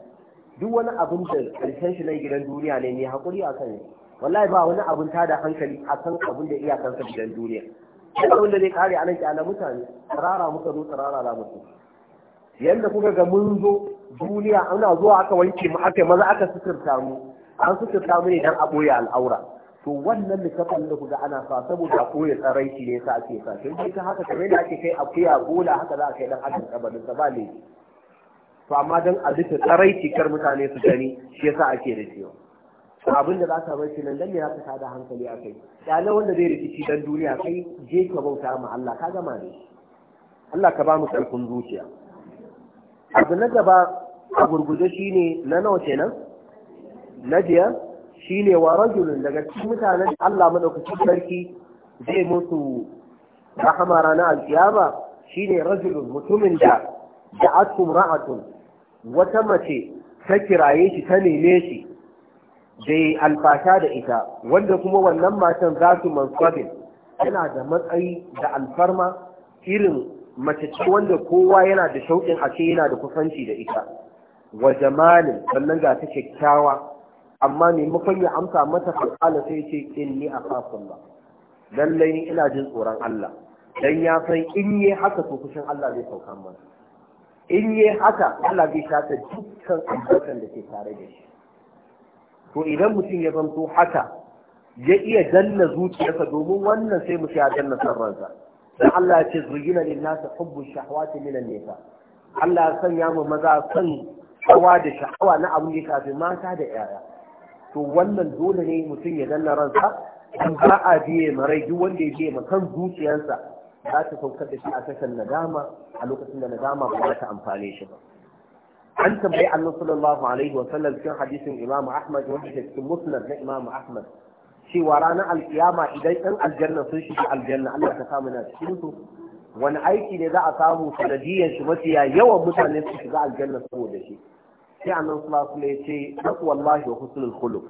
Speaker 1: duk wani abin da karshen shi na gidan duniya ne mai hakuri a kan wallahi ba wani abin da hankali a kan abin da iyakansa gidan duniya duk abin da zai kare anan ki ana mutane tsarara muka zo tsarara za mu yanda kuka ga mun zo duniya ana zuwa aka wanke mu aka maza aka suturta mu an suturta mu ne dan a boye al'aura to wannan littafin da kuga ana sa saboda a koya tsarai shi ne sa ake sa sai ta haka kamar yadda ake kai akuya gola haka za a kai dan adam kabarin sa ba laifi to amma don a bisa tsarai cikar mutane su gani shi yasa ake ciwo to abin da za ka bar nan dan me za ka da hankali a kai dale wanda zai rikici dan duniya kai je ka bauta ma Allah ka gama ne Allah ka ba mu karfin zuciya abu na gaba a gurguje shine na nawa kenan na biyar shine wa rajulun daga cikin mutanen Allah madaukakin sarki zai mutu rahama rana ranar qiyama shine rajulun mutumin da da'atkum ra'atun wata mace ta kiraye shi ta neme shi da alfasha da ita wanda kuma wannan matan za su mansabin yana da matsayi da alfarma irin mace ce wanda kowa yana da shauƙin a yana da kusanci da ita wa jamalin sannan ga ta kyakkyawa amma maimakon ya amsa mata fasala sai ce inni ba. lallai ina jin tsoron Allah dan ya san in yi haka to kushin Allah zai sauka mana in yi haka Allah zai shafe dukkan albarkan da ke tare da shi to idan mutum ya zanto haka ya iya danna zuciyarsa domin wannan sai mu ya danna san ransa dan Allah ya ce zuyina lin nas hubbu shahawati min an Allah ya sanya mu maza san hawa da sha'awa na abin da ya shafi mata da yaya to wannan dole ne mutum ya danna ransa in ba a biye marai duk wanda ya biye ma kan zuciyarsa za ta saukar da shi a tashar nadama a lokacin da nadama ba za ta amfane shi ba an tambayi annabi sallallahu alaihi wa cikin hadisin imamu ahmad wanda ke cikin musnad na imamu ahmad cewa ranar alkiyama idan ɗan aljanna sun shiga aljanna Allah ta samu na cikin su wani aiki ne za a samu sanadiyyar shi mafiya yawan mutane su shiga aljanna saboda shi sai annabi sallallahu alaihi ya ce taqwallahi wa husnul khuluq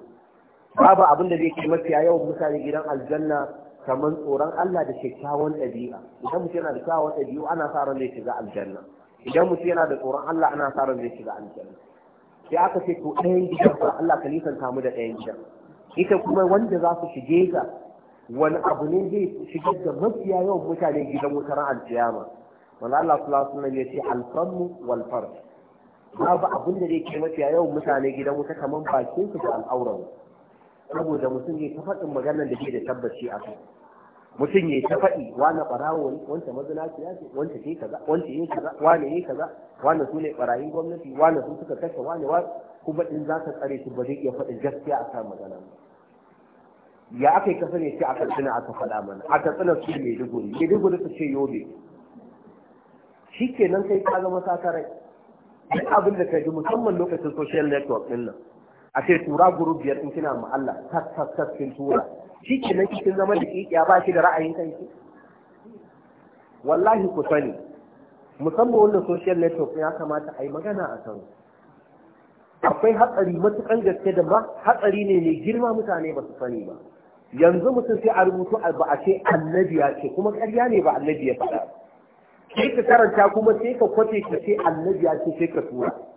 Speaker 1: babu abin da zai kai mafiya yawan mutane gidan aljanna kamar tsoron Allah da kyakkyawan ɗabi'a idan mutum yana da kyakkyawan ɗabi'u ana sa ran zai shiga aljanna idan mutum yana da tsoron Allah ana sa ran zai shiga aljanna sai aka ce to ɗayan gidan ko Allah ka nisan kamu da ɗayan gidan ita kuma wanda za su shige ga wani abu ne zai shigar da mafiya yawan mutane gidan wutar alkiyama wanda Allah sallallahu alaihi wasallam ya ce alfanmu walfar. farj babu abin da zai ke mafiya yawan mutane gidan wuta kamar bakin su da al'auran saboda mutum ya ta faɗin maganar da ke da tabbaci a kai mutum ya ta faɗi wani ɓarawo ne wanda mazinaci ya ce wanda ke kaza wanda ya kaza wani ya kaza wane su ne ɓarayin gwamnati wane su suka kashe wane wa? kuma in za ka tsare su ba zai iya faɗin gaskiya a kan magana ya aka yi kasa ne ce a katsina aka faɗa mana a katsina su mai duguri mai duguri su ce yobe shi kenan kai ka zama sakarai duk abin da ka ji musamman lokacin social network ɗin nan a ce tura guru biyar in kina ma Allah tas tas tas tura shi ke nan kin zama da ƙiƙiya ba shi da ra'ayin kanki wallahi ku sani musamman wannan social network ya kamata a yi magana a kan akwai hatsari matukan gaske da ma hatsari ne mai girma mutane ba su sani ba yanzu mutum sai a rubutu ba a ce annabi ya ce kuma ƙarya ne ba annabi ya faɗa sai ka karanta kuma sai ka kwace ka ce annabi ya ce sai ka tura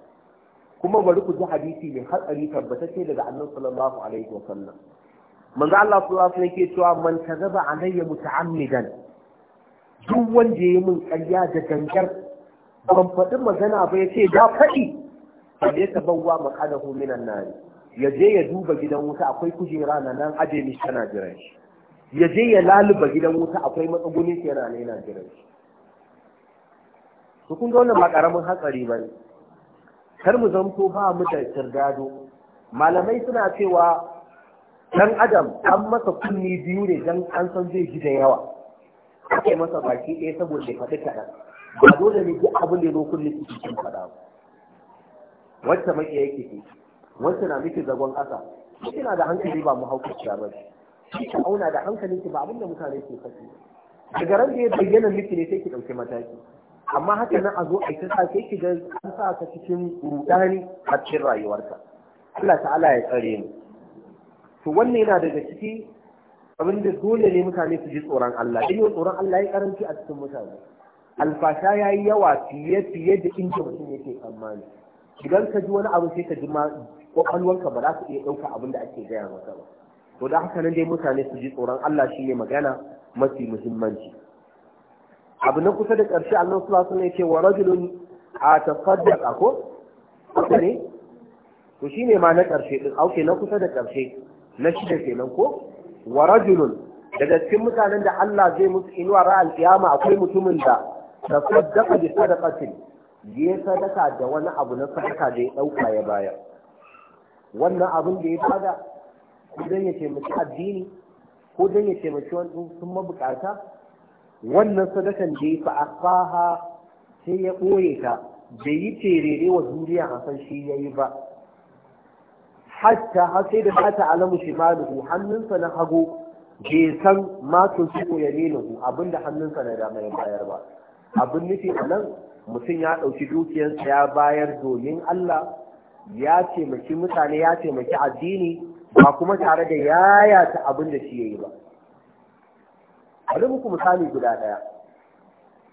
Speaker 1: kuma bari ku ji hadisi mai hatsari tabbatacce daga annabi sallallahu alaihi wa sallam manzo Allah sallallahu alaihi yake cewa man kazaba alayya muta'ammidan duk wanda yayi min ƙarya da gangar ban faɗi magana ba yace da faɗi fa ya tabawwa maqadahu minan nar ya je ya duba gidan wuta akwai kujera na nan aje mi tana jiran shi ya je ya laluba gidan wuta akwai matsugunin shi yana nan yana jiran shi su kun ga wannan ba karamin hatsari ba ne kar mu zanto ba mu da kirdado malamai suna cewa dan adam an masa kunni biyu ne dan an san zai ji da yawa ake masa baki ɗaya saboda ya faɗi kaɗan ba dole ne duk abin da ya zo kunni su cikin faɗa wacce mai yake ke wacce na miki zagon ƙasa kina da hankali ba mu haukaciya ba ka auna da hankalinki ba abin da mutane ke faɗi daga ran da ya bayyana miki ne sai ki ɗauki mataki amma haka nan a zo a kisa sai sai kiga an sa ka cikin rudani a cikin rayuwarka Allah ta'ala ya tsare mu to wannan yana daga ciki abin da dole ne mutane su ji tsoron Allah in yau tsoron Allah ya karanci a cikin mutane alfasha ya yi yawa fiye fiye da inda mutum yake tsammani idan ka ji wani abu sai ka ji ma kwakwalwanka ba za ka iya ɗauka abin da ake gaya maka ba to da haka nan dai mutane su ji tsoron Allah shi ne magana mafi muhimmanci abu na kusa da ƙarshe Allah sallallahu ne ce wa rajulun atasaddaqa ko ne shi shine ma na ƙarshe ɗin auke na kusa da ƙarshe na shi da kenan ko wa rajulun daga cikin mutanen da Allah zai musu inuwa ra'al kiyama akwai mutumin da tasaddaqa bi sadaqatin ya sadaka da wani abu na sadaka da ya dauka ya baya wannan abin da ya bada ko dan ya mace addini ko dan ya mace wani sun mabukata wannan sadakan da ya fa'asaha sai ya ɓoye ta da yi terere wa duniya a san shi ya yi ba hatta har sai da ta alamu shi maluhu hannunsa na hagu bai san matun su ya ku, abinda hannunsa na dama ya bayar ba abin nufi a nan mutum ya ɗauki dukiyarsa ya bayar domin Allah ya taimaki mutane ya taimaki addini ba kuma tare da yayata abin da shi ya yi ba bari muku misali guda ɗaya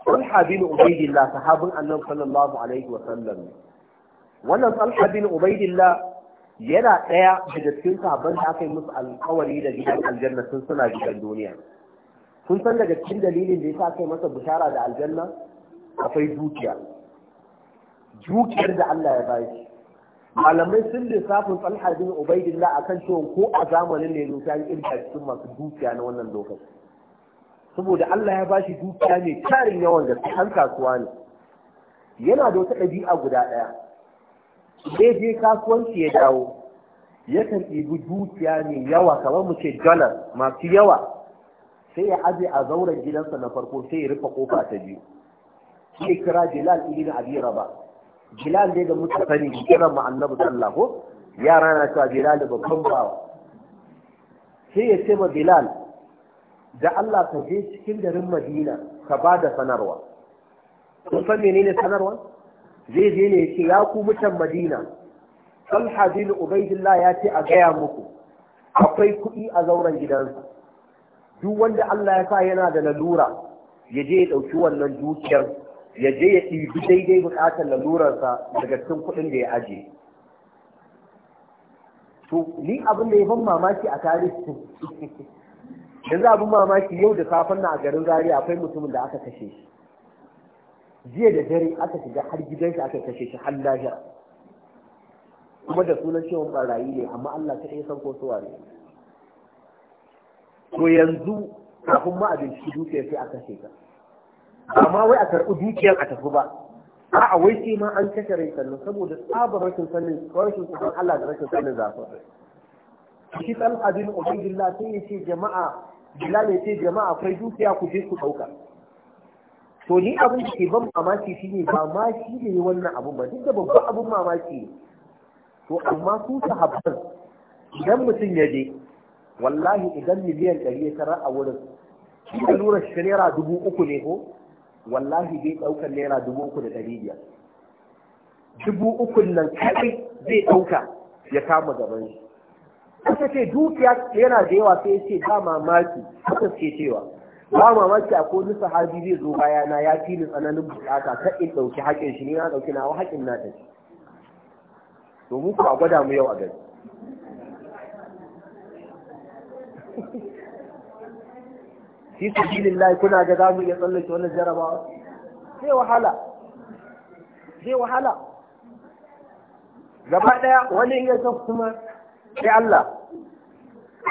Speaker 1: Talha bin Ubaidillah sahabin Annabi sallallahu alaihi wa sallam wannan Talha bin Ubaidillah yana ɗaya daga cikin sahabban da aka yi musu alƙawari da gidan aljanna sun suna gidan duniya kun san daga cikin dalilin da yasa kai masa bishara da aljanna akwai dukiya dukiyar da Allah ya shi. malamai sun lissafin Talha bin Ubaidillah akan cewa ko a zamanin ne ya zo ta yi cikin masu dukiya na wannan lokaci saboda Allah ya bashi dukiya mai tarin yawan gaske an kasuwa ne yana da wata ɗabi'a guda ɗaya sai je kasuwanci ya dawo yakan ɗibi dukiya mai yawa kamar mu ce dollar masu yawa sai ya aje a zauren gidansa na farko sai ya rufe kofa ta biyu sai kira Bilal ibn Abi Rabah Bilal ne da muka sani kiran mu Annabi sallallahu yara na cewa Bilal babban bawa sai ya ce ma Bilal da Allah ka je cikin garin Madina ka ba da sanarwa kun san menene sanarwa zai je ne yake ya ku mutan Madina Talha bin Ubaidillah ya ce a gaya muku akwai kuɗi a zauren gidansa duk wanda Allah ya sa yana da lalura ya je ya ɗauki wannan dukiyar ya je ya ɗibi daidai buƙatar lalurarsa daga cikin kuɗin da ya aje to ni abin da ya ban mamaki a tarihi yanzu abin mamaki yau da safen na a garin zari akwai mutumin da aka kashe shi jiya da dare aka shiga har gidan shi aka kashe shi har lafiya kuma da sunan cewa barayi ne amma Allah ta san ko suwa ne to yanzu kafin ma abin shi dukiya sai aka kashe ka amma wai a karɓi dukiyar a tafi ba a'a wai sai ma an kashe rai sannan saboda tsabar rashin sanin rashin sanin Allah da rashin sanin zafi shi talha bin ubaidillah sai ya ce jama'a bilal ya ce jama'a akwai dukiya ku je ku ɗauka to ni abin da ke ban mamaki shine ba ma shi ne wannan abu ba duk da babban abin mamaki to amma su sahabban idan mutum ya je wallahi idan miliyan ɗari ya tara a wurin shi da lura shi naira dubu uku ne ko wallahi bai ɗaukar naira dubu uku da ɗari biyar dubu uku nan kaɗai zai ɗauka ya kama gaban shi aka ce dukiya yana da yawa sai ce ba mamaki aka ce cewa ba mamaki a ko nisa haji zai zo baya na ya fi ni tsananin bukata ta in ɗauki haƙin shi ne na ɗauki nawa haƙin na ta domin ku a gwada mu yau a gari [laughs] fi sabilin lahi kuna ga za mu iya tsallake wannan jarabawa zai wahala zai wahala gaba ɗaya wani iya kuma sai Allah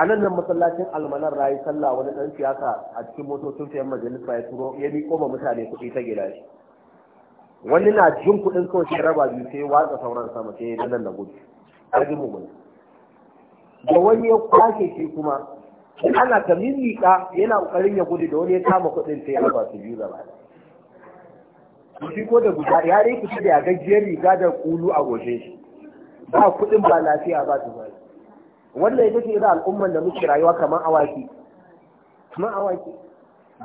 Speaker 1: a nan nan masallacin almanar rayu sallah wani dan siyasa a cikin motocin sayan majalisa ya turo ya miƙo ma mutane kuɗi ta gida shi wani na jin kuɗin kawai shi raba biyu sai watsa sauran sama sai ya nan na gudu ji mummuni da wani ya kwashe shi kuma ana ta mimmiƙa yana ƙoƙarin ya gudu da wani ya kama kuɗin sai ya raba su biyu gaba ɗaya shi ko da guda ya dai fita da gajiyar riga da ƙulu a goshe shi ba kuɗin ba lafiya ba su bari wannan ita ce da al'umman da muke rayuwa kamar awaki kamar awaki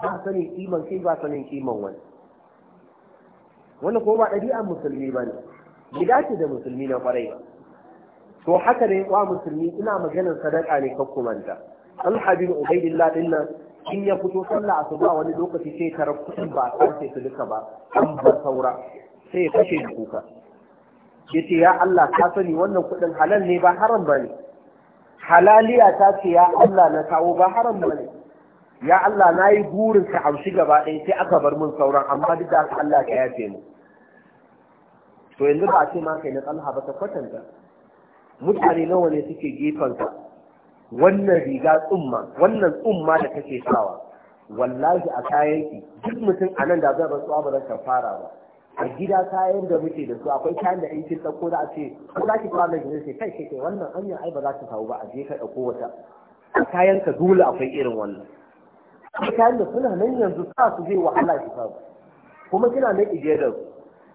Speaker 1: ba sanin kiman kai ba sanin kiman wani wannan ko ba ɗabi'an musulmi ba ne bai dace da musulmi na kwarai ba to haka ne wa musulmi ina maganar sadaka ne an alhabib ubaidillah din nan in ya fito sallah a wani lokaci sai karar kuɗin ba a sace su duka ba an ba saura sai ya kashe da kuka yace ya Allah ka sani wannan kuɗin halal ne ba haram ba ne halaliya ta ce ya Allah na kawo ba haram ba ne ya Allah na yi burin ka amshi gaba ɗaya sai aka bar mun sauran amma duk da Allah ka yafe mu to yanzu ba a ce ma kai na tsalha ba ta kwatanta mutane nawa ne suke ka? wannan riga tsumma wannan tsumma da kake sawa wallahi a kayan duk mutum a nan da zai rantsuwa ba zan fara ba a gida kayan da muke da su akwai kayan da in kin dauko da a ce ko za ki fara da sai kai kai wannan hanyar ai ba za ta kawo ba a je ka dauko wata kayan ka dole akwai irin wannan kayan da suna nan yanzu sa su zai wahala ki samu kuma kina nan ije da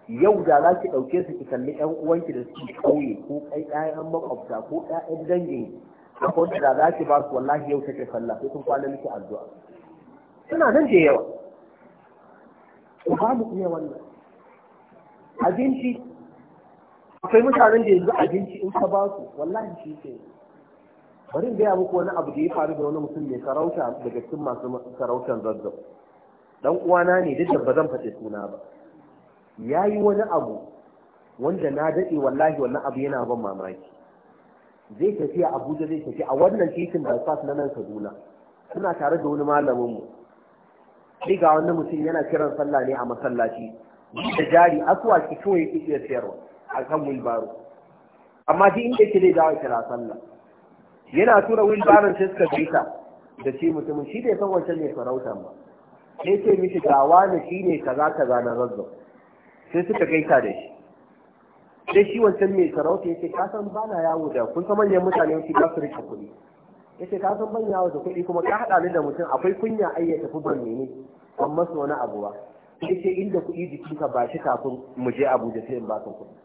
Speaker 1: yau da za ki dauke su ki kalli ƴan uwanki da su kauye ko kai ƴaƴan makwabta ko ƴaƴan dangin akwai da za ki ba su wallahi yau take sallah sai kun kwana miki addu'a suna nan da yawa ba mu iya wannan abinci akwai mutanen da yanzu abinci in ka ba su wallahi shi ke bari in gaya muku wani abu da ya faru da wani mutum mai sarauta daga cikin masu sarautar zazzau dan uwana ne duk da ba zan faɗi suna ba ya yi wani abu wanda na daɗe wallahi wani abu yana ban mamaki zai tafi a abuja zai tafi a wannan titin bypass na nan kaduna suna tare da wani malaminmu sai ga wani mutum yana kiran sallah ne a masallaci da jari asuwaki kawai yake iya sayarwa a kan wilbaro amma duk inda yake zai dawo kira sallah yana tura wilbaro sai suka bita da shi mutumin shi bai san wancan ne farauta ba sai ce mishi gawa na shi ne kaza kaza na zazzau sai suka gaita da shi sai shi wancan mai sarauta ya ce ka san ba na yawo da kun san manyan mutane wasu ba su rike kuɗi ya ce ka san ban yawo da kuɗi kuma ka haɗa ni da mutum akwai kunya ai ya tafi ban ne amma su wani abu ba sai ce inda kuɗi ka ba shi kafin mu je abuja sai in ba ka kuɗi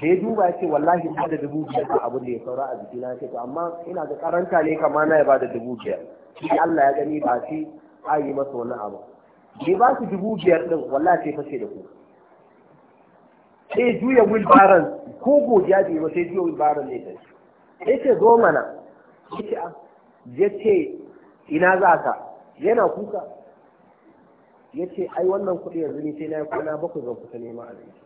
Speaker 1: da ya duba ce wallahi ba da dubu biyar ka abin da ya saura a jikina ce to amma ina da karanta ne kama na ya ba da dubu biyar shi Allah ya gani ba shi a yi masa wani abu bai ba su dubu biyar din wallahi sai fashe da ku sai juya wilbaran, ko godiya bai ba sai juya wilbaran ne sai sai ce zo mana yace a ah. ce ina za ka yana kuka ya ce ai wannan kuɗi yanzu ni sai na yi kwana bakwai zan kusa neman abinci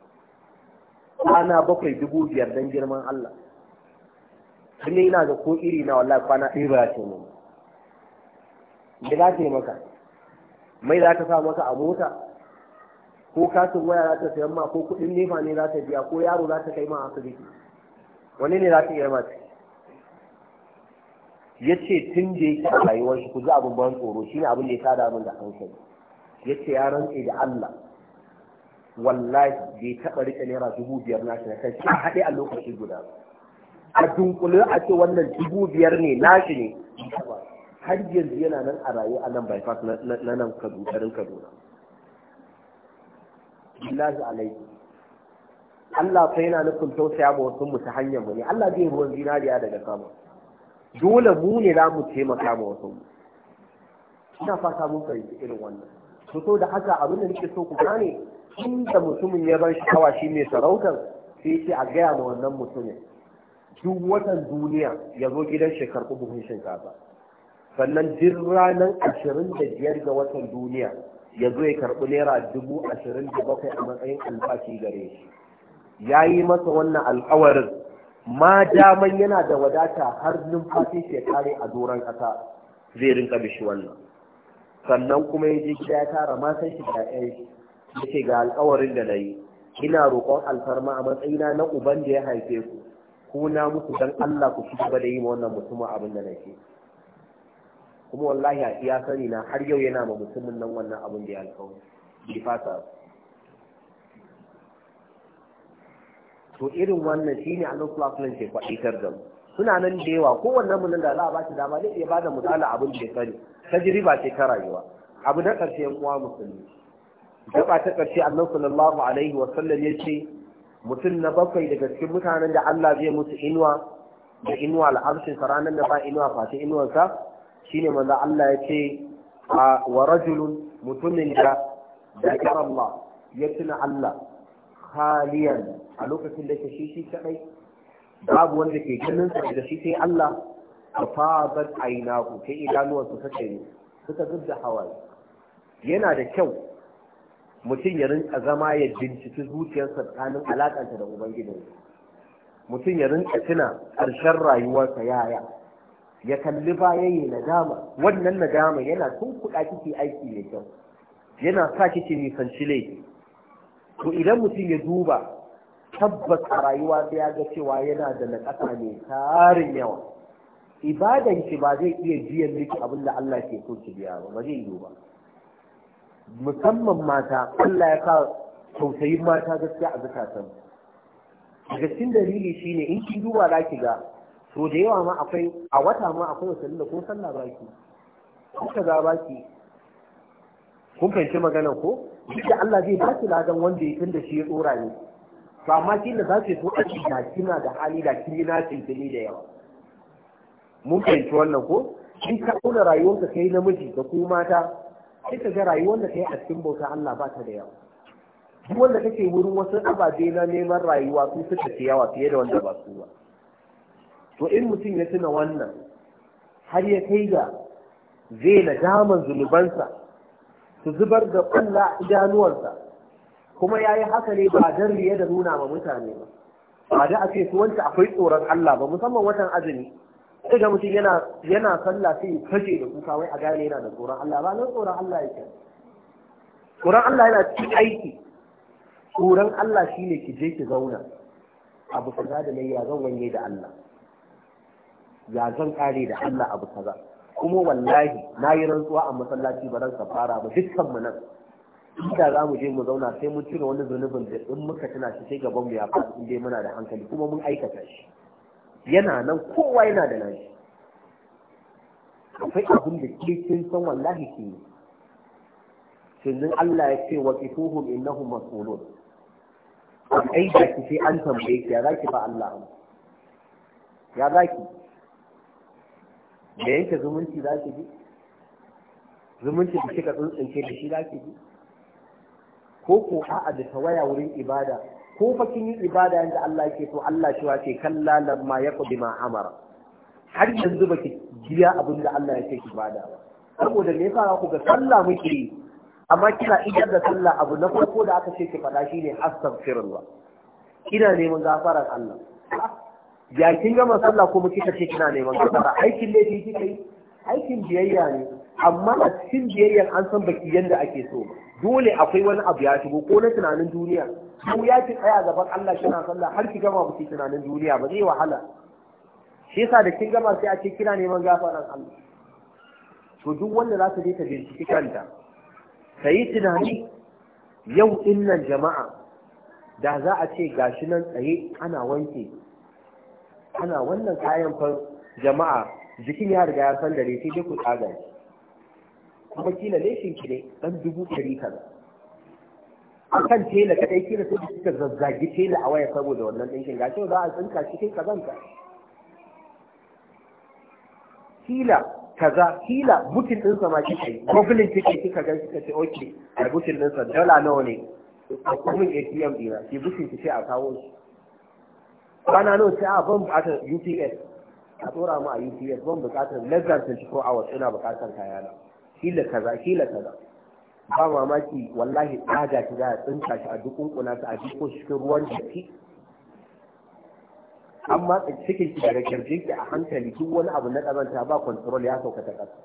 Speaker 1: kwana bakwai dubu biyar don girman Allah tun ina da ko iri na wallahi kwana ɗaya ba ya ce mun me za ta yi maka mai za ta sa maka a mota ko katin waya za ta sayan ma ko kuɗin nefa ne za ta biya ko yaro za ta kai ma asibiti wani ne za ta iya mace ya ce tun da yake a rayuwar shi ku ji abin ban tsoro shi ne abin da ya tada abin da hankali yace ya rantse da Allah wallahi bai taɓa rike naira dubu biyar na shi na kai shi haɗe a lokaci guda a dunkule a ce wannan dubu biyar ne nashi ne har yanzu yana nan a rayu a nan bypass na nan kaduna kaduna billahi alaihi Allah fa yana nufin tausaya ba wasu mu ta hanyar mu ne Allah zai ruwan zinariya daga sama dole mu ne za mu taimaka ma wasu mu ina fata mun fahimci irin wannan to so da haka abin da nake so ku gane inda mutumin ya bar shi kawa shi mai sarautar sai ce a gaya ma wannan mutumin duk watan duniya ya zo gidan shi karɓi buhun shinkafa sannan duk ranar ashirin da biyar ga watan duniya ya zo ya karɓi naira dubu ashirin da bakwai a matsayin albashi gare shi ya yi masa wannan alkawarin ma daman yana da wadata har numfashi shekaru a doron ƙasa zai rinka bishi wannan sannan kuma ya je gida ya tara matan shi da ƴaƴan ya ce ga alƙawarin da na yi ina roƙon alfarma a matsayina na uban da ya haife ku Ku na muku dan Allah ku ci gaba da yi ma wannan mutumin abin da nake kuma wallahi a iya sani na har yau yana ma mutumin nan wannan abin da ya alƙawari bai fata to irin wannan shine Allah subhanahu wa ke faɗi da mu suna nan da yawa kowannen mu da za a ba shi dama ne iya ba da misali abin da ya sani tajriba ce ta rayuwa abu na ƙarshe yan uwa musulmi gaba ta ƙarshe annabi sallallahu alaihi wa sallam yace mutum na bakwai daga cikin mutanen da Allah zai musu inuwa da inuwa al'arshin ranar da ba inuwa fata inuwarsa shine manzo Allah yace wa rajulun mutumin da da Allah ya tuna Allah khaliyan a lokacin da yake shi shi kadai babu wanda ke ganin sa da shi sai Allah fafabat ainahu sai idanuwansu suka ne suka zubda hawaye yana da kyau mutum ya rinka zama ya binciki zuciyarsa tsakanin alakanta da ubangijin mutum ya rinka tuna ƙarshen rayuwarsa yaya ya kalli bayan yi nadama wannan nadama yana tun kuɗa kike aiki mai kyau yana sa kike nisanci laifi to idan mutum ya duba tabbas a rayuwa sai ya ga cewa yana da naƙasa mai tarin yawa ibadan ki ba zai iya biyan miki abin da Allah ke so ki biya ba ba zai yiwu ba musamman mata Allah ya kawo tausayin mata gaskiya a zakatan daga cikin dalili shine in ki duba za ki ga to da yawa ma akwai a wata ma akwai wasanni da ko sallah ba ki kuka ga ba ki kun fahimci magana ko duk Allah zai ba ki ladan wanda ya tunda shi ya tsora ne to amma kila za ki so a kina da hali da kina yi da yawa mun fahimci wannan ko in ka auna rayuwarka kai namiji da ku mata sai ka ga rayuwar da kai a cikin bauta Allah ba ta da yawa duk wanda kake wurin wasu ababe na neman rayuwa su suka ce yawa fiye da wanda ba su ba to in mutum ya tuna wannan har ya kai ga zai na daman zunubansa su zubar da kulla idanuwarsa kuma ya yi haka ne ba don riye da nuna ma mutane ba ba da ce su wanda akwai tsoron Allah ba musamman watan azumi sai ga mutum yana yana sallah sai ya kaje da kuka wai a gane yana da tsoron Allah ba nan tsoron Allah yake tsoron Allah yana cikin aiki tsoron Allah shine ki je ki zauna abu kaza da ya zan wanye da Allah ya zan kare da Allah abu kaza kuma wallahi na yi rantsuwa a masallaci ba ran fara ba dukkan mu nan da za mu je mu zauna sai mun cire wani zunubin da in muka tuna shi sai gaban mu ya faɗi in dai muna da hankali kuma mun aikata shi yana nan kowa yana da nashi akwai abin da ke kin san wallahi ke yi sannan Allah ya ce wa qituhum innahum mas'ulun an da ki sai an tambaye ki ya zaki ba Allah ya zaki da yanke zumunci za ki ji zumunci da kika tsuntsunce da shi za ki ji ko ko a'a da tawaya wurin ibada ko fa kin yi ibada yanda Allah yake to Allah shi wace kalla lamma yaqdi ma amara har yanzu baki jiya abin da Allah yake ki ba saboda me yasa ku ga sallah muke yi amma kina idan da sallah abu na farko da aka ce ki faɗa shine astaghfirullah kina neman gafarar Allah ya kin gama sallah kuma kika ce kina neman gafara aikin laifi kika yi aikin biyayya ne amma a cikin biyayyar an san baki yadda ake so dole akwai wani abu ya shigo ko na tunanin duniya ko ya ki tsaya gaban Allah kina sallah har ki gama baki tunanin duniya ba zai wahala shi yasa da kin gama sai a ce kina neman gafaran Allah to duk wanda za ta je ta binciki kanta ta yi tunani yau innan jama'a da za a ce gashi nan tsaye ana wanke ana wannan kayan jama'a jikin ya riga ya san dare sai dai ku tsaga shi kuma kila leshin ki ne dan dubu ɗari kaza a kan tela kaɗai kila sai da suka zazzagi tela a waya saboda wannan ɗinkin gashi za a tsinka shi kai kazanta kila kaza kila bukin ɗinsa ma kika yi gogulin kika kika gan kika ce ok a bukin ɗinsa dala nawa ne a kumin atm ɗina ki bukin ki ce a kawo shi kwana nawa sai a ah, ban buƙatar ups a tsora mu a ups ban buƙatar less than 24 hours ina buƙatar kayana kila kaza kila kaza ba mamaki wallahi tsaga ki za a shi a dukunkuna ta a jiko cikin ruwan jiki amma cikin ki daga kirjin ki a hankali duk wani abu na kazanta ba control ya sauka ta kasa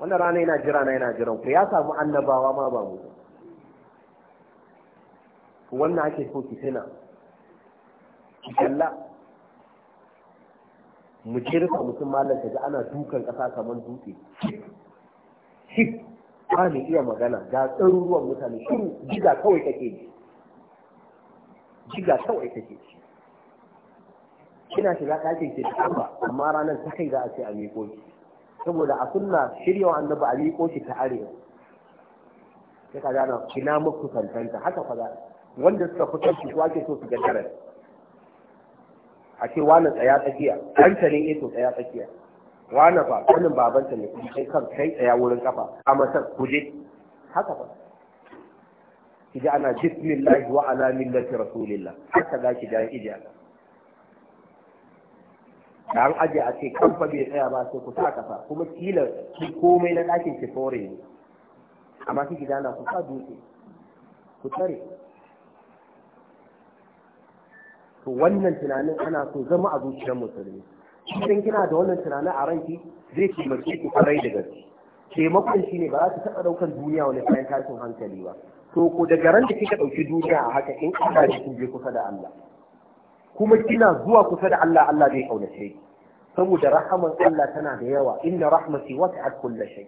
Speaker 1: wannan rana yana jira na yana jiran ku ya samu annabawa ma ba mu wannan ake so ki tuna ki kalla mu jirka mutum mallaka ka ji ana dukan kasa kamar dutse cif ba ne iya magana ga tsaruruwan mutane shiru jiga kawai kake ne jiga kawai kake ji kina shiga ɗakin ke da amma ranar ta kai za a ce a miƙo shi saboda a sunna shiryawa annabi a miƙo shi ta arewa sai ka gana kina muku kantanta haka fa wanda suka fitar shi su ake so su gaddara a ce wani tsaya tsakiya hankalin ito eh tsaya tsakiya wani ba kanin babanta ne kuma kai kan kai tsaya wurin kafa a masar kuje haka ba ki ji ana bismillah wa ala millati rasulillah haka za ki ji ji ana da an aje a ce kan fa bai tsaya ba sai ku sa kafa kuma kila ki komai na ɗakin ki fore ne amma ki ji na ku sa dutse ku tare to wannan tunanin ana so zama a zuciyar musulmi idan kina da wannan tunanin a ranki zai taimake ki kwarai da gaske taimakon shi ne ba za ta taɓa ɗaukar duniya wani kayan tashin hankali ba to ko daga ran da kika ɗauki duniya a haka in kina da kin je kusa da Allah kuma kina zuwa kusa da Allah Allah zai kaunace ki saboda rahaman Allah tana da yawa inna rahmati wasi'at kulli shay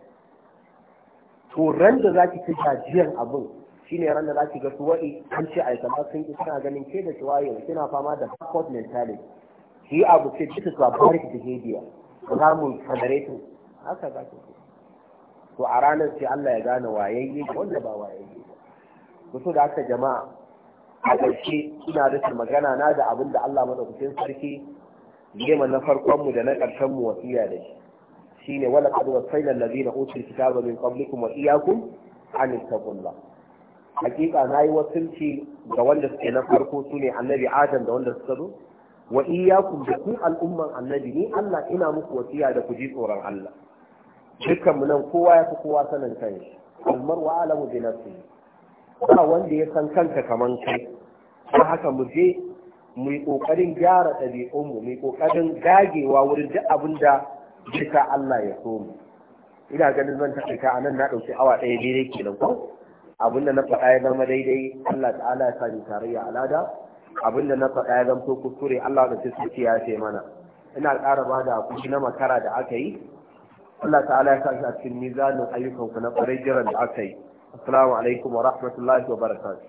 Speaker 1: to ran da zaki ci gajiyan abin shine ran da zaki ga suwa'i an ce ai kamar sun ki kina ganin ke da suwa'i kina fama da backward mentality abu ce restricted to a barbaric behavior harmful federating haka za ka ce to a ranar sai Allah ya gane wayayye wanda ba wayayye ba so da haka jama'a a ƙarshe ina rufe magana na da abin da Allah madaukakin sarki gema na farkon mu da na ƙarshen mu wasiya da shi shine wala qad wasayna allazina utul kitaba min qablikum wa iyyakum an taqullah hakika nayi wasilci ga wanda suke na farko sune annabi adam da wanda suka zo wa iyyakum da ku al'umman annabi ni Allah ina muku wasiya da ku ji tsoron Allah dukkan mu nan kowa ya fi kowa sanin kanshi almar wa alamu bi nafsi ba wanda ya san kanka kaman kai ta haka mu je mu yi kokarin gyara ɗabi'un mu mu yi kokarin dagewa wurin duk abin da duka Allah ya so mu ina ganin zan ta a nan na ɗauki awa ɗaya daidai kenan ko abin na faɗa ya zama daidai Allah ta'ala ya sa tarayya alada abinda na faɗa ya zamto kuskure Allah da sai ya ce mana ina ƙara ba da kuɗi na makara da aka yi Allah ta'ala ya sa shi a cikin mizanin ayyukan ku na ƙwarai jiran da aka yi assalamu alaikum wa rahmatullahi wa barakatuh